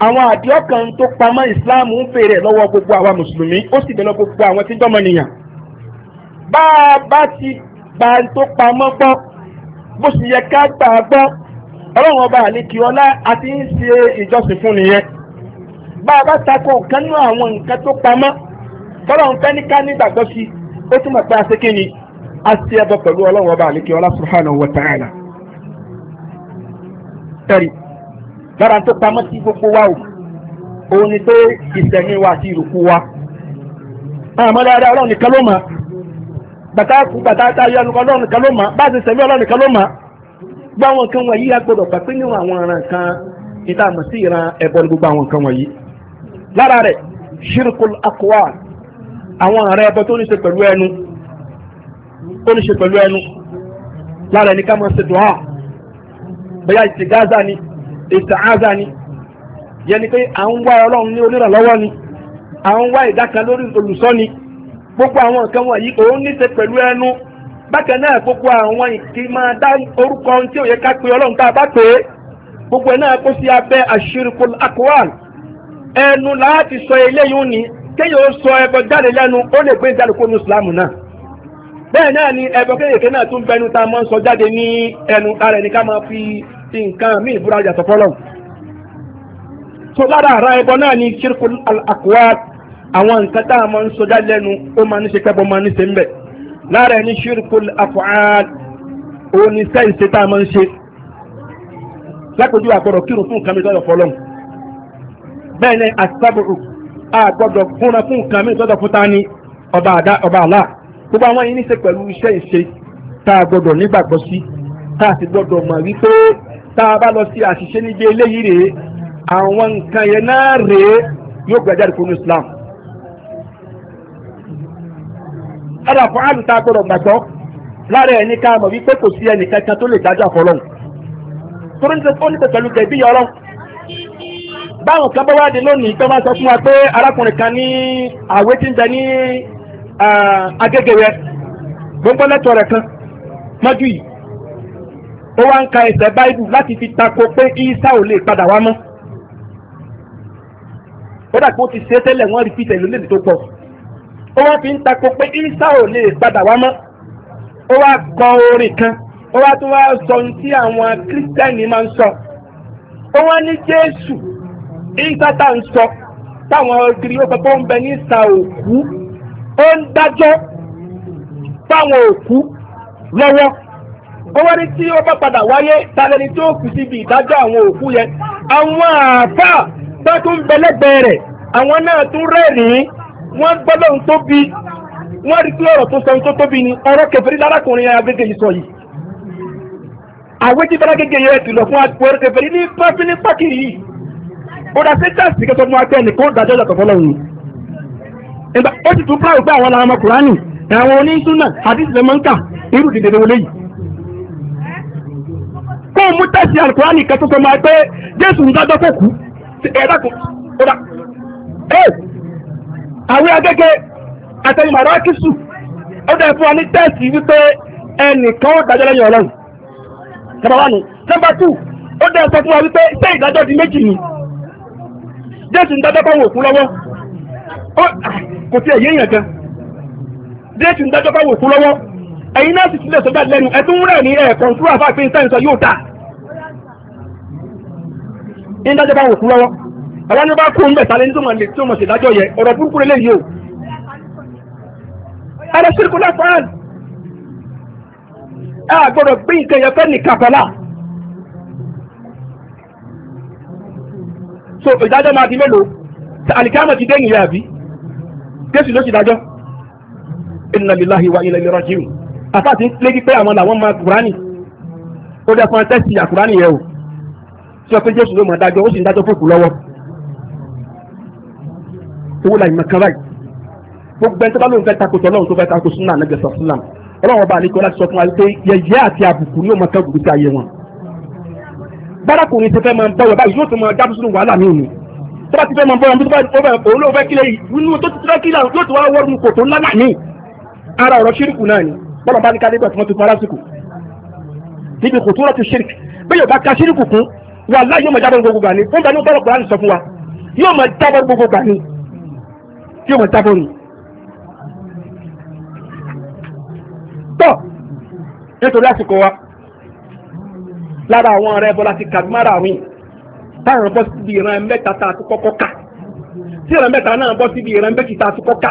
àwọn àdìọ́kà ń tó pamọ́ ìsìláàmù ń fèrè lọ́wọ́ gbogbo àwa mùsùlùmí ó sì gbogbo àwọn tí ń bá a bá ti bó sì yẹ ká gbà á gbọ́ ọlọ́run ọba àlekì ọlá àti ń ṣe ìjọsìn fún nìyẹn bá a bá takò nǹkan nínú àwọn nǹkan tó pamọ́ bọ́lọ́run fẹ́ nígbàgbọ́ sí ó túmọ̀ pé aṣèké ni a ṣe ẹbọ pẹ̀lú ọlọ́run ọba àlekì ọlá wa ta'ala. gbogbo wa o òun ni pé wa àti ìrùkú wa. àmọ́ dáadáa ọlọ́run nìkan ló bàtà kú bàtà tá yọ ẹnu ọlọ́run kan ló mọ̀ bá a ti sẹ̀mí ọlọ́run kan ló mọ̀ gbọ́ àwọn nǹkan wọ̀nyí a gbọ́dọ̀ pàpẹ́ níwọ̀n àwọn ọ̀ràn kan níta àmọ̀ sí ìran ẹ̀bọ ní gbogbo àwọn nǹkan wọ̀nyí. lára rẹ̀ shirkul akwa àwọn ọ̀rẹ́ ẹbọ tó ní ṣe pẹ̀lú ẹnu tó ní ṣe pẹ̀lú ẹnu lára ẹni ká máa ṣe dùn á bóyá ìtìgáza ni ìtàáza ni yẹni pé à ń wá ọlọ́run ní onírànlọ́wọ́ ni à ń wá ìdákan lórí olùsọ́ni gbogbo àwọn nǹkan wọ̀nyí òun ní í ṣe pẹ̀lú ẹnu bákan náà gbogbo àwọn ìkí máa dá orúkọ ohun tí ò yẹ ká pe ọlọ́run tá a bá pè é gbogbo náà kó sí abẹ́ àṣírikul akwal ẹnu láti sọ eléyìí ni kéèyàn ó sọ ẹbọ jáde lẹ́nu ó lè gbé ìdálòkó ní ìsìlámù náà bẹ́ẹ̀ náà ni ẹbọ kéèyàn náà tún bẹnu tá a máa ń sọ jáde ní ẹnu ara ẹni ká máa fi nǹkan míì búra yàtọ̀ fọlọ́run tó lára àrà ẹbọ náà ni ṣírikul akwal àwọn nǹkan tá a máa ń sọjá lẹ́nu ó máa ń ṣe kẹ́bọ̀ máa ń ṣe ń bẹ̀ lára ẹni ṣírkul afu'al òun ni sẹ́yìn ṣe tá a máa ń ṣe lápèjú àgbọ̀dọ̀ kírun fún nǹkan mi tọ́jọ̀ fọlọ́n bẹ́ẹ̀ ni àtàbùrù àgbọ̀dọ̀ kúnra fún nǹkan mi tọ́jọ̀ fún tani ọba àdá ọba àlá gbogbo àwọn yìí ní ṣe pẹ̀lú iṣẹ́ ìṣe tá a gbọ́dọ̀ nígbàgbọ́ sí tá a sì gbọ́dọ̀ mọ̀ wípé tá a bá lọ sí àṣìṣe níbi eléyìí rèé àwọn nǹkan yẹn náà rèé yóò gbàjáde fún Islam ọ̀dà fún àlùtà gbọ́dọ̀ gbàgbọ́ lára ẹni ká mọ̀ wípé kò sí ẹnì kankan tó lè dájọ́ àfọlọ́hùn torí ní ó ní pẹ̀lú kẹ̀bí ọlọ́run báwọn kan bá wá di lónìí tó máa sọ fún wa pé arákùnrin kan ní àwé tí ń bẹ ní agége rẹ gbogbo lẹ́tọ̀ rẹ̀ kan mọ́jú yìí ó wá ń ka ẹsẹ̀ báíbù láti fi tako pé isa ò lè padà wá mọ́ ó dà pé ó ti ṣe é tẹ́lẹ̀ wọ́n rí pítẹ̀ lólè tó pọ̀. ó wá fi ń tako pé isa ò lè padà wá mọ́ ó kọ orin kan ó wá tún sọ ohun tí àwọn kírísítẹ́nì máa ń sọ ó wá ní jésù isa tá ń sọ táwọn kiri ó sọ pé ó ń bẹ ní sa òkú ó ń dájọ́ òkú lọ́wọ́ ó wá ní tí ó bá padà wáyé ta lẹni tí wọ́n gbọ́dọ̀ ń tóbi wọ́n rí pé ọ̀rọ̀ tó sọ ń tó tóbi ni ọ̀rọ̀ kẹfẹ́rí lárakùnrin abẹ́gẹ́ yìí sọ yìí àwẹ́jìbára gẹ́gẹ́ yẹ ti lọ fún àpòrò kẹfẹ́rí ní pápí ní yìí ó dá sí tàṣì kẹsọ fún akẹ́ nìkan ó dájọ́ yàtọ̀ fọlọ́ òun ó sì tún báwo pé àwọn làwọn ọmọkùnrin àwọn oníṣúná àti ẹ̀dá kù ó dá àwé agẹ́gẹ́ àtẹ̀yìn màrákìsù ó dẹ̀ fún wa ní tẹ́ẹ̀sì wípé ẹnìkan ó dájọ́ lẹ́yìn ọlọ́run nọ́mbà wà nù nọ́mbà tù ó dẹ̀ sọ fún wa wípé ṣé ìdájọ́ di méjì ni jésù ń dájọ́ òkú lọ́wọ́ kò jésù ń dájọ́ òkú lọ́wọ́ àwọn ní bá kú ń bẹ̀ sálẹ̀ ní tó mọ̀ lè tó mọ̀ ṣèdájọ́ yẹ ọ̀rọ̀ burúkú lè yìí o. ẹ̀rọ ṣírkù náà fún ẹ àgbọ̀dọ̀ gbé nǹkan yẹn fẹ́ ní kàkọ́lá. so ìdájọ́ máa di mélòó àlìkámọ̀ ti dẹ́yìn yẹ àbí kéṣù ló ṣèdájọ́ inna lillahi wa inna ilayhi raji'un àfáà ti ń lérí pé àwọn làwọn máa kúránì ó dẹ́ fún ẹ tẹ́sì àkúránì yẹ o sọ pé jésù ló mọ̀ dájọ́ ó sì ń dájọ́ fòkù lọ́wọ́ owó la ìmọ̀ kan báyìí gbogbo ẹni tó bá lóun fẹ́ takò tọ́ lọ́run tó fẹ́ takò súnà nàgbẹ̀ sọ súnà ọlọ́run ọba àlejò láti sọ fún wa pé yẹ̀yẹ́ àti àbùkù ni ó máa kan gbogbo ti ayé wọn. bárakùnrin ti fẹ́ máa bẹ̀wẹ̀ báyìí yóò tún máa dábùsùn ní wàhálà míì ni tó bá ti fẹ́ máa bẹ̀wẹ̀ tó bá ti fẹ́ òun ló fẹ́ kílẹ̀ yìí tó ti fẹ́ kílẹ̀ yóò tún wá wọ́ọ̀rù kòtò ńlá náà ara ọ̀rọ̀ ṣírìkù náà ni bọ́lá bá ní ká nígbà tí wọ́n ti fún arásìkò níbi kò tó rọ̀ ti ṣírìkù bẹ́ẹ̀ yóò bá ka ṣírìkù kún wàhálà yóò máa jábọ̀ tí yóò mọ̀ jábọ̀ ni. tọ́ nítorí àsìkò wa lára àwọn ọ̀rẹ́ bọ́lá ti kà mára àwọn táwọn bọ́ síbi ìran mẹ́ta tá a ti kọ́kọ́ kà tí ìran mẹ́ta náà bọ́ síbi ìran méjì tá a ti kọ́kọ́ kà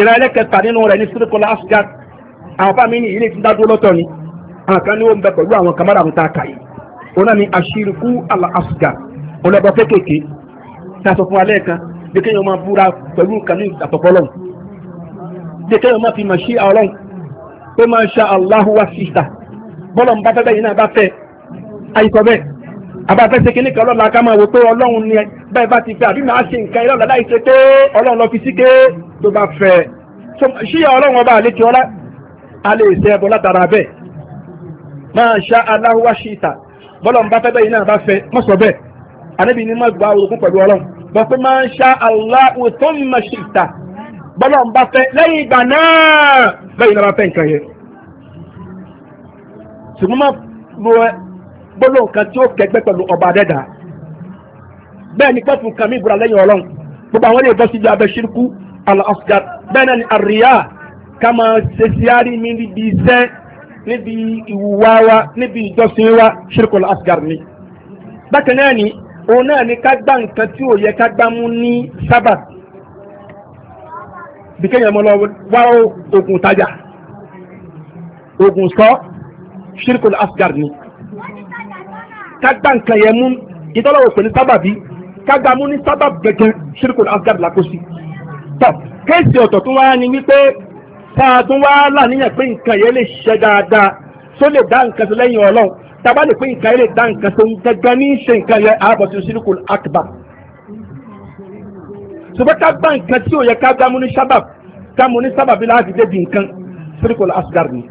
ìran ẹlẹ́kẹta nínú rẹ̀ ní sírìkọlá asgard àwọn bá mi ní ilé tí ń lọ́tọ̀ ni àwọn kan ní ó ń bẹ pẹ̀lú àwọn kamara àwọn tá a kà yìí òun náà ni àṣírikú àlà asgard òun lọ́bọ̀ kéékèèké tí a sọ fún alẹ́ kan bí kéèyàn máa búra pẹ̀lú nǹkan ní àtọ̀pọ̀ lọ́n bí kéèyàn máa fi mà ọlọ́n pé máa ṣe Allahu wa síta bọ́lọ̀ ń bá fẹ́ bẹ́yìn náà bá fẹ́ àyíkọ́ bẹ́ẹ̀ àbáfẹ́ ṣe kíní kan lọ́la ká máa wò pé ọlọ́run ni bẹ́ẹ̀ bá ti fẹ́ àbí máa ṣe nǹkan ìlọ́la láì ṣe pé ọlọ́run lọ fi sí ké tó bá fẹ́ ṣíyà ọlọ́run ọba àlejò ọlá a lè ṣe ẹbọ látara bẹ́ẹ̀ máa ṣá aláwọ̀ ṣíta bọ́lọ̀ bá fẹ́ bẹ́yìn náà bá fẹ́ mọ́sọ̀ bẹ́ẹ̀ àníbi ni má gba orogún pẹ̀lú ọlọ́run bọ́ pé máa ń ṣá Allahu thumma shi'ta bọ́lọ̀ ń bá fẹ́ lẹ́yìn ìgbà náà lẹ́yìn náà bá fẹ́ nǹkan yẹn. ṣùgbọ́n máa lo gbọ́dọ̀ nǹkan tí ó kẹgbẹ́ pẹ̀lú ọba adẹ́dà bẹ́ẹ̀ ni pẹ́ẹ́fù kan mi ìbúra lẹ́yìn ọlọ́run gbogbo àwọn ilé ìbọ́sí ibi abẹ́ ṣírkú bẹ́ẹ̀ náà ni àríyá ká máa ṣe síárì mi níbi iṣẹ́ níbi ìwúwa wa níbi ìjọsìn wa ṣírkù al ni. bákan náà ni òun náà ni ká gbá nǹkan tí ò yẹ ká gbá mú ní sábà bí kéèyàn mọ́ lọ wá oògùn tajà oògùn sọ ṣírkùn asgard ni ká gbá nǹkan yẹn mú ìtọ́lọ́wọ̀ pẹ̀lú sábà bí ká gbá mú ní sábà gẹ́gẹ́ ṣírkùn asgard làkó sí tọ́ kéèsì ọ̀tọ̀ tó wáyá ni wípé tá a tún wá là níyàn pé nǹkan yẹn lè ṣiṣẹ́ dáadáa tó lè dá nǹkan sí lẹ́yìn ọlọ́run tàbá lè pé nǹkan eré dá nǹkan tó ń gangan ní ṣe nǹkan yẹn àbọ̀tí ṣírùkù akbar ṣùgbọ́n ká gbá nǹkan tí ò yẹ ká dámú ní sábàb dámú ní sábàb láti débi nǹkan ṣírùkù asgar ni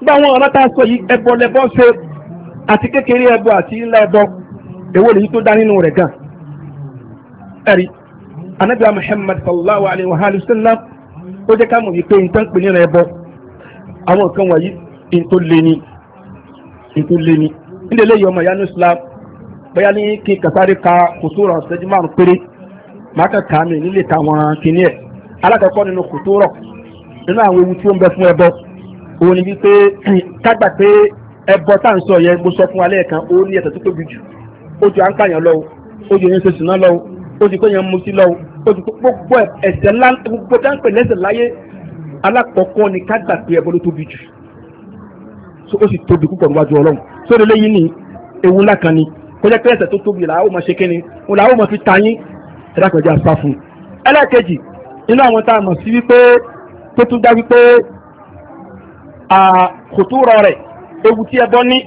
nígbà wọn ọ̀rọ̀ tá a sọ yìí ẹbọ lẹbọ ṣe àti kékeré ẹbọ àti ńlá ẹbọ èwo lèyí tó dá nínú gan ẹ̀rí anabi muhammad sallallahu alayhi wa sallam ó jẹ́ ká mọ̀ wípé nǹkan pè ní ẹbọ àwọn nǹkan wọ̀nyí nǹkan tó le ni ètò lé ní nílé lè yọ ọmọ ìyá ní Islam bóyá ní kí kàtàrí ka kòtòrò ṣẹ́jú márùn péré máa kà ká nílé táwọn kìíní ẹ̀ alákọ̀ọ́kọ́ nínú kòtòrò nínú àwọn ewu tí ó ń bẹ fún ẹbọ òun ni wípé kágbà pé ẹbọ tá à ń sọ yẹn mo sọ fún alẹ́ kan ó ní ẹ̀ṣẹ̀ tó tóbi jù ó ju àǹkàyàn lọ ó ju oyin ṣe sùn náà lọ ó ju kóyin mu sí lọ ó ju gbogbo ẹ̀ṣẹ̀ ńlá gbogbo dáńpẹ̀ lẹ́ṣẹ̀ láyé alákọ̀ọ́kọ́ ni ó sì tóbi púpọ̀ níwájú ọlọ́run sórí lẹ́yìn ní ewu ńlá kan ni kó jẹ́ pé ẹ̀ṣẹ̀ tó tóbi làá ó máa ṣe kíni òun làá ó máa fi ta yín ẹ̀dákọ̀jẹ́ àṣà fún un. ẹlẹ́ẹ̀kejì inú àwọn tá a mọ̀ sí wípé tó tún dá wípé kòtúrọ̀ rẹ̀ ewu tí ẹbọ ní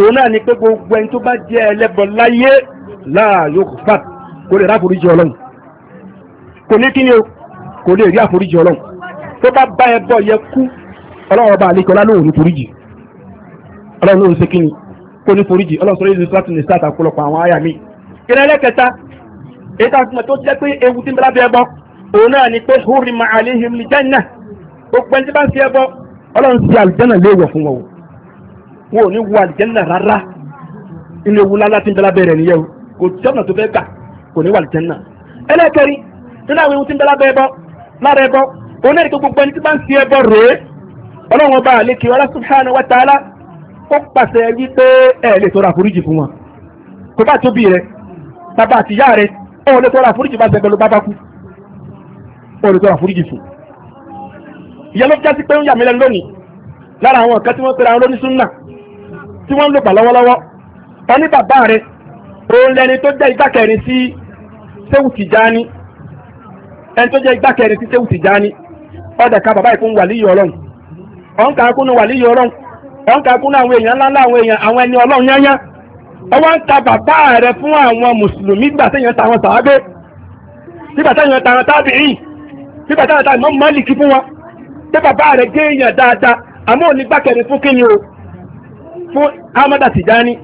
òun náà ni pé gbogbo ẹni tó bá jẹ́ ẹlẹ́bọ láyé láàyò fà kò lè rí àforíjì ọlọ́run kò ní kíni o kò lè rí àforíjì ọlọ́run tó bá bá ẹbọ yẹ kú ọlọ́run ọba àlekọ́lá lóhùn nítorí ọlọ́run ló ń ṣe kí ni kó ní foríjì ọlọ́run sọ yìí láti ní sáàtà ọ̀pọ̀lọpọ̀ àwọn àyà mi. ìrẹ́lẹ̀ kẹta èyí tá a fi mọ̀ tó jẹ́ pé ewu tí ń bẹ́lá bí ẹbọ òun náà ni pé hurima alehim li janna gbogbo ẹni tí bá ń fi ẹbọ ọlọ́run ti àlùjẹ́nà léèwọ̀ fún wọn o wọn ò ní wo àlùjẹ́nà rárá inú ewu lálá tí ń bẹ́lá bẹ̀rẹ̀ ní wà ó pàṣẹ wípé ẹ lè tọrọ àforíjì fún wọn kò bá tóbi rẹ bàbá àtìyá rẹ ó lè tọrọ àforíjì bá sẹgbẹ ló bá bá kú ó lè tọrọ àforíjì fún. ìyá ló jásí pé ń yà mí lẹ́nu lónìí lára àwọn kan tí wọ́n pera wọn lórí súnà tí wọ́n ń lò gbà lọ́wọ́lọ́wọ́ wọn ní bàbá rẹ òun lẹni tó jẹ́ igbákẹrin sí Ṣéwù Tìjání ẹni tó jẹ́ igbákẹrin sí Ṣéwù Tìjání ọ̀dẹ̀ ká bàbá ìfún wàlíyọ̀ ọlọ́run ọ̀nkà kúnnú wàlíyọ̀ ọlọ́run wọ́n ka kún àwọn èèyàn ńláńlá àwọn èèyàn àwọn ẹni ọlọ́run yányá ọwọ́ ń ta bàbá rẹ fún àwọn mùsùlùmí gbà tàwọn ta àwọn sàábé ta tábìrì mọ́lìkì fún wọn pé bàbá rẹ gé èèyàn dáadáa àmọ́ òní fún kíni o fún Tijani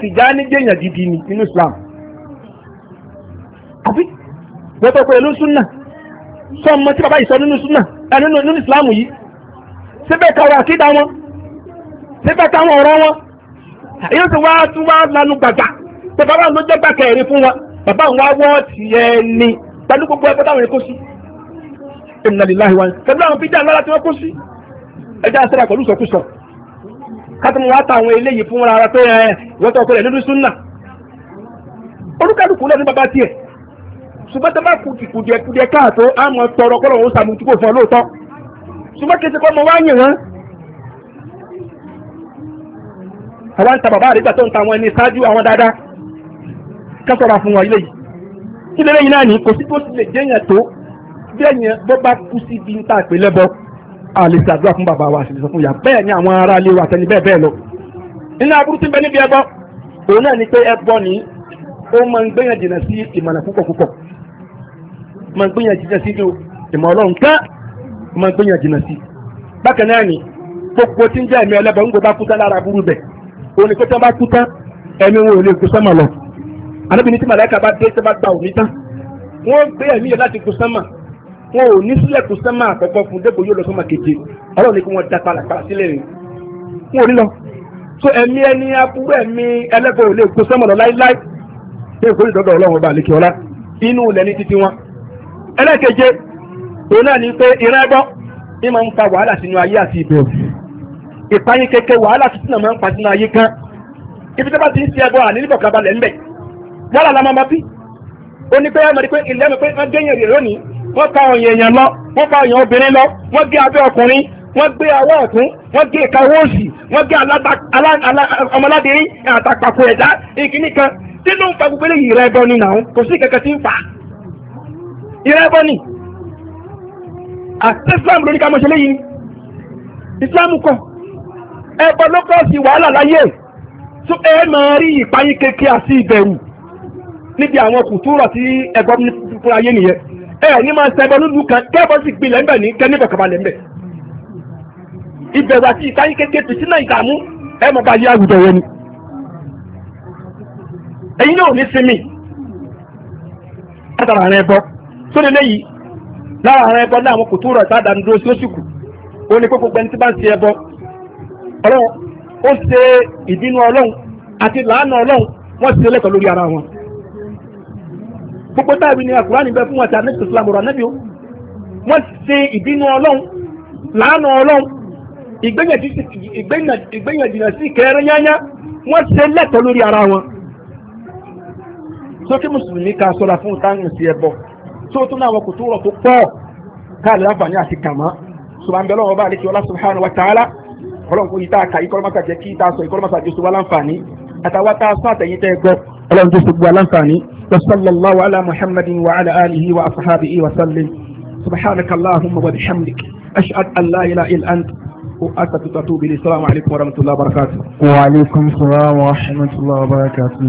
Tijani gé èèyàn Islam àbí ìlú súnà sọ tí bàbá yìí sọ nínú súnà nínú Islam síbẹ̀ táwọn ọ̀rọ̀ wọn yóò ti wá tún wá lanu gbàgbà pé bàbá ló jẹ́ gbà kẹrin fún wọn bàbá àwọn awọ́ tiẹ̀ ni pẹ̀lú gbogbo ẹgbẹ́ táwọn èèyàn kó sí inna lillahi wa pẹ̀lú àwọn ńlá tí wọ́n kó sí àṣírà pẹ̀lú wọn ta àwọn eléyìí fún wọn ara pé ẹ ìwọ́n tó ọkọlẹ̀ nínú súnà olúkàlùkù lẹ́nu bàbá tiẹ̀ ṣùgbọ́n àwọn ń ta bàbá àrígbà tó ń ta àwọn ẹni ṣáájú àwọn dáadáa kásọ̀rọ̀ fún wọn ilé yìí kí lélẹ́ yìí náà ní kò sí tó lè jẹ́yàn tó jẹ́yàn bó bá kú sí bí ń ta àpè lẹ́bọ àlè ṣàdúrà fún bàbá wa àṣìṣe fún ìyá bẹ́ẹ̀ ni àwọn ará ilé wa àtẹni bẹ́ẹ̀ bẹ́ẹ̀ lọ nínú aburú tí ń bẹ níbi ẹbọ òun náà ni pé ẹbọ ni ó máa ń gbéyàn jìnà sí ìmọ̀nà púpọ̀ púpọ̀ máa ń gbéyàn jìnà sí ìmọ̀ ọlọ́run ká máa ń gbéyàn jìnà sí bákan náà ni gbogbo tí ń jẹ́ ẹ̀mí ọlẹ́bọ̀ ń gbọ́ bá kú sá lára bẹ́ẹ̀ òun ni pé tí wọ́n bá kú tán ẹ̀mí wọn ò lè kú sánmà lọ anábìnrin tí màláìka bá dé tí wọ́n bá gba òní tán wọ́n gbé ẹ̀mí yẹn láti kú sánmà wọn ò ní sílẹ̀ kú sánmà àkọ́kọ́ fún dépò yóò lọ sánmà keje ọlọ́run ni kí wọ́n da pàlàpàlà sílẹ̀ rẹ̀ wọn ò ní lọ so ẹ̀mí ẹni aburú ẹ̀mí ẹlẹ́gbẹ́ ò lè kú sánmà lọ láíláí tí èkó ìdọ́dọ̀ ọlọ́run ọba àlekè ọlá inú ilẹ̀ ní títí wọn ẹlẹ́keje òun náà ni pé ìrẹ́gbọ́ ní ń fa wàhálà sínú ayé àti ìbẹ̀rù ìpayín kẹkẹ wàhálà tuntun náà máa ń pa sínú ayé kan ibi tó bá ti ń ṣe ẹbọ àní níbọ̀ kábalẹ̀ ńbẹ̀ wàhálà la máa ma bí ó ní pé ẹ mọ̀ ní pé ilé mi pé wọ́n gé yẹn rè lónìí wọ́n ka ọ̀yàn èèyàn lọ wọ́n ka ọ̀yàn obìnrin lọ wọ́n gé abẹ́ ọkùnrin wọ́n gbé awọ́ ọ̀tún wọ́n gé ìka owó wọ́n gé ọmọládé àtàpàkò ẹ̀dá ìkíní kan tí ló ń fa gbogbo eléyìí ìrẹ́ ẹbọ ni nà ó kò sí kẹ̀kẹ́ Islam lóní ẹbọ ló kọ́ sí wàhálà láyé tó ẹ máa rí ìpáyín kékeré àti ìbẹ̀rù níbi àwọn kùtúrọ̀ tí ẹbọ fún ayé nìyẹn ẹ ní máa ṣẹbọ lójú kan kẹ́bọ sì gbilẹ̀ ńbẹ̀ ní kẹ́ní bọ̀kàbalẹ̀ ńbẹ̀ ìbẹ̀rù àti ìpáyín kékeré tì sínú ìdààmú ẹ mọ̀ bá yé àwùjọ yẹn ni ẹ̀yin náà ní sinmi látara àrẹ ẹbọ léyìí lára àrẹ ẹbọ àwọn ní ọlọ́run ó ṣe ìbínú ọlọ́run àti làánà ọlọ́run wọ́n ti lẹ́kọ̀ọ́ lórí ara wọn. gbogbo táàbí ni àkùránì bẹ fún wọn ti àníṣe islam ọ̀rọ̀ anábì ó wọ́n ti ṣe ìbínú ọlọ́run làánà ọlọ́run ìgbẹ́yànjìnà sí kẹrẹ yányá wọ́n ṣe lẹ́kọ̀ọ́ lórí ara wọn. sókè mùsùlùmí sọ́ra fún táwọn sí ẹbọ tó tún náà wọn kò tó tó pọ̀ káàlì láǹfààní àti kàmá sọ ọlọ́run kò yí tá a kà yí kọ́lọ́mọ́sà jẹ́ kí tá a sọ ìkọ́lọ́mọ́sà jẹ́ sọ́wọ́ aláǹfààní àtàwọn tá a sọ àtẹ̀yìn tẹ́ gbọ́ ọlọ́run jẹ́ sọ́wọ́ aláǹfààní وصلى الله على محمد وعلى آله وأصحابه وسلم سبحانك اللهم وبحمدك أشهد أن لا إله إلا أنت وأستغفرك وأتوب إليك السلام عليكم ورحمة الله وبركاته وعليكم السلام ورحمة الله وبركاته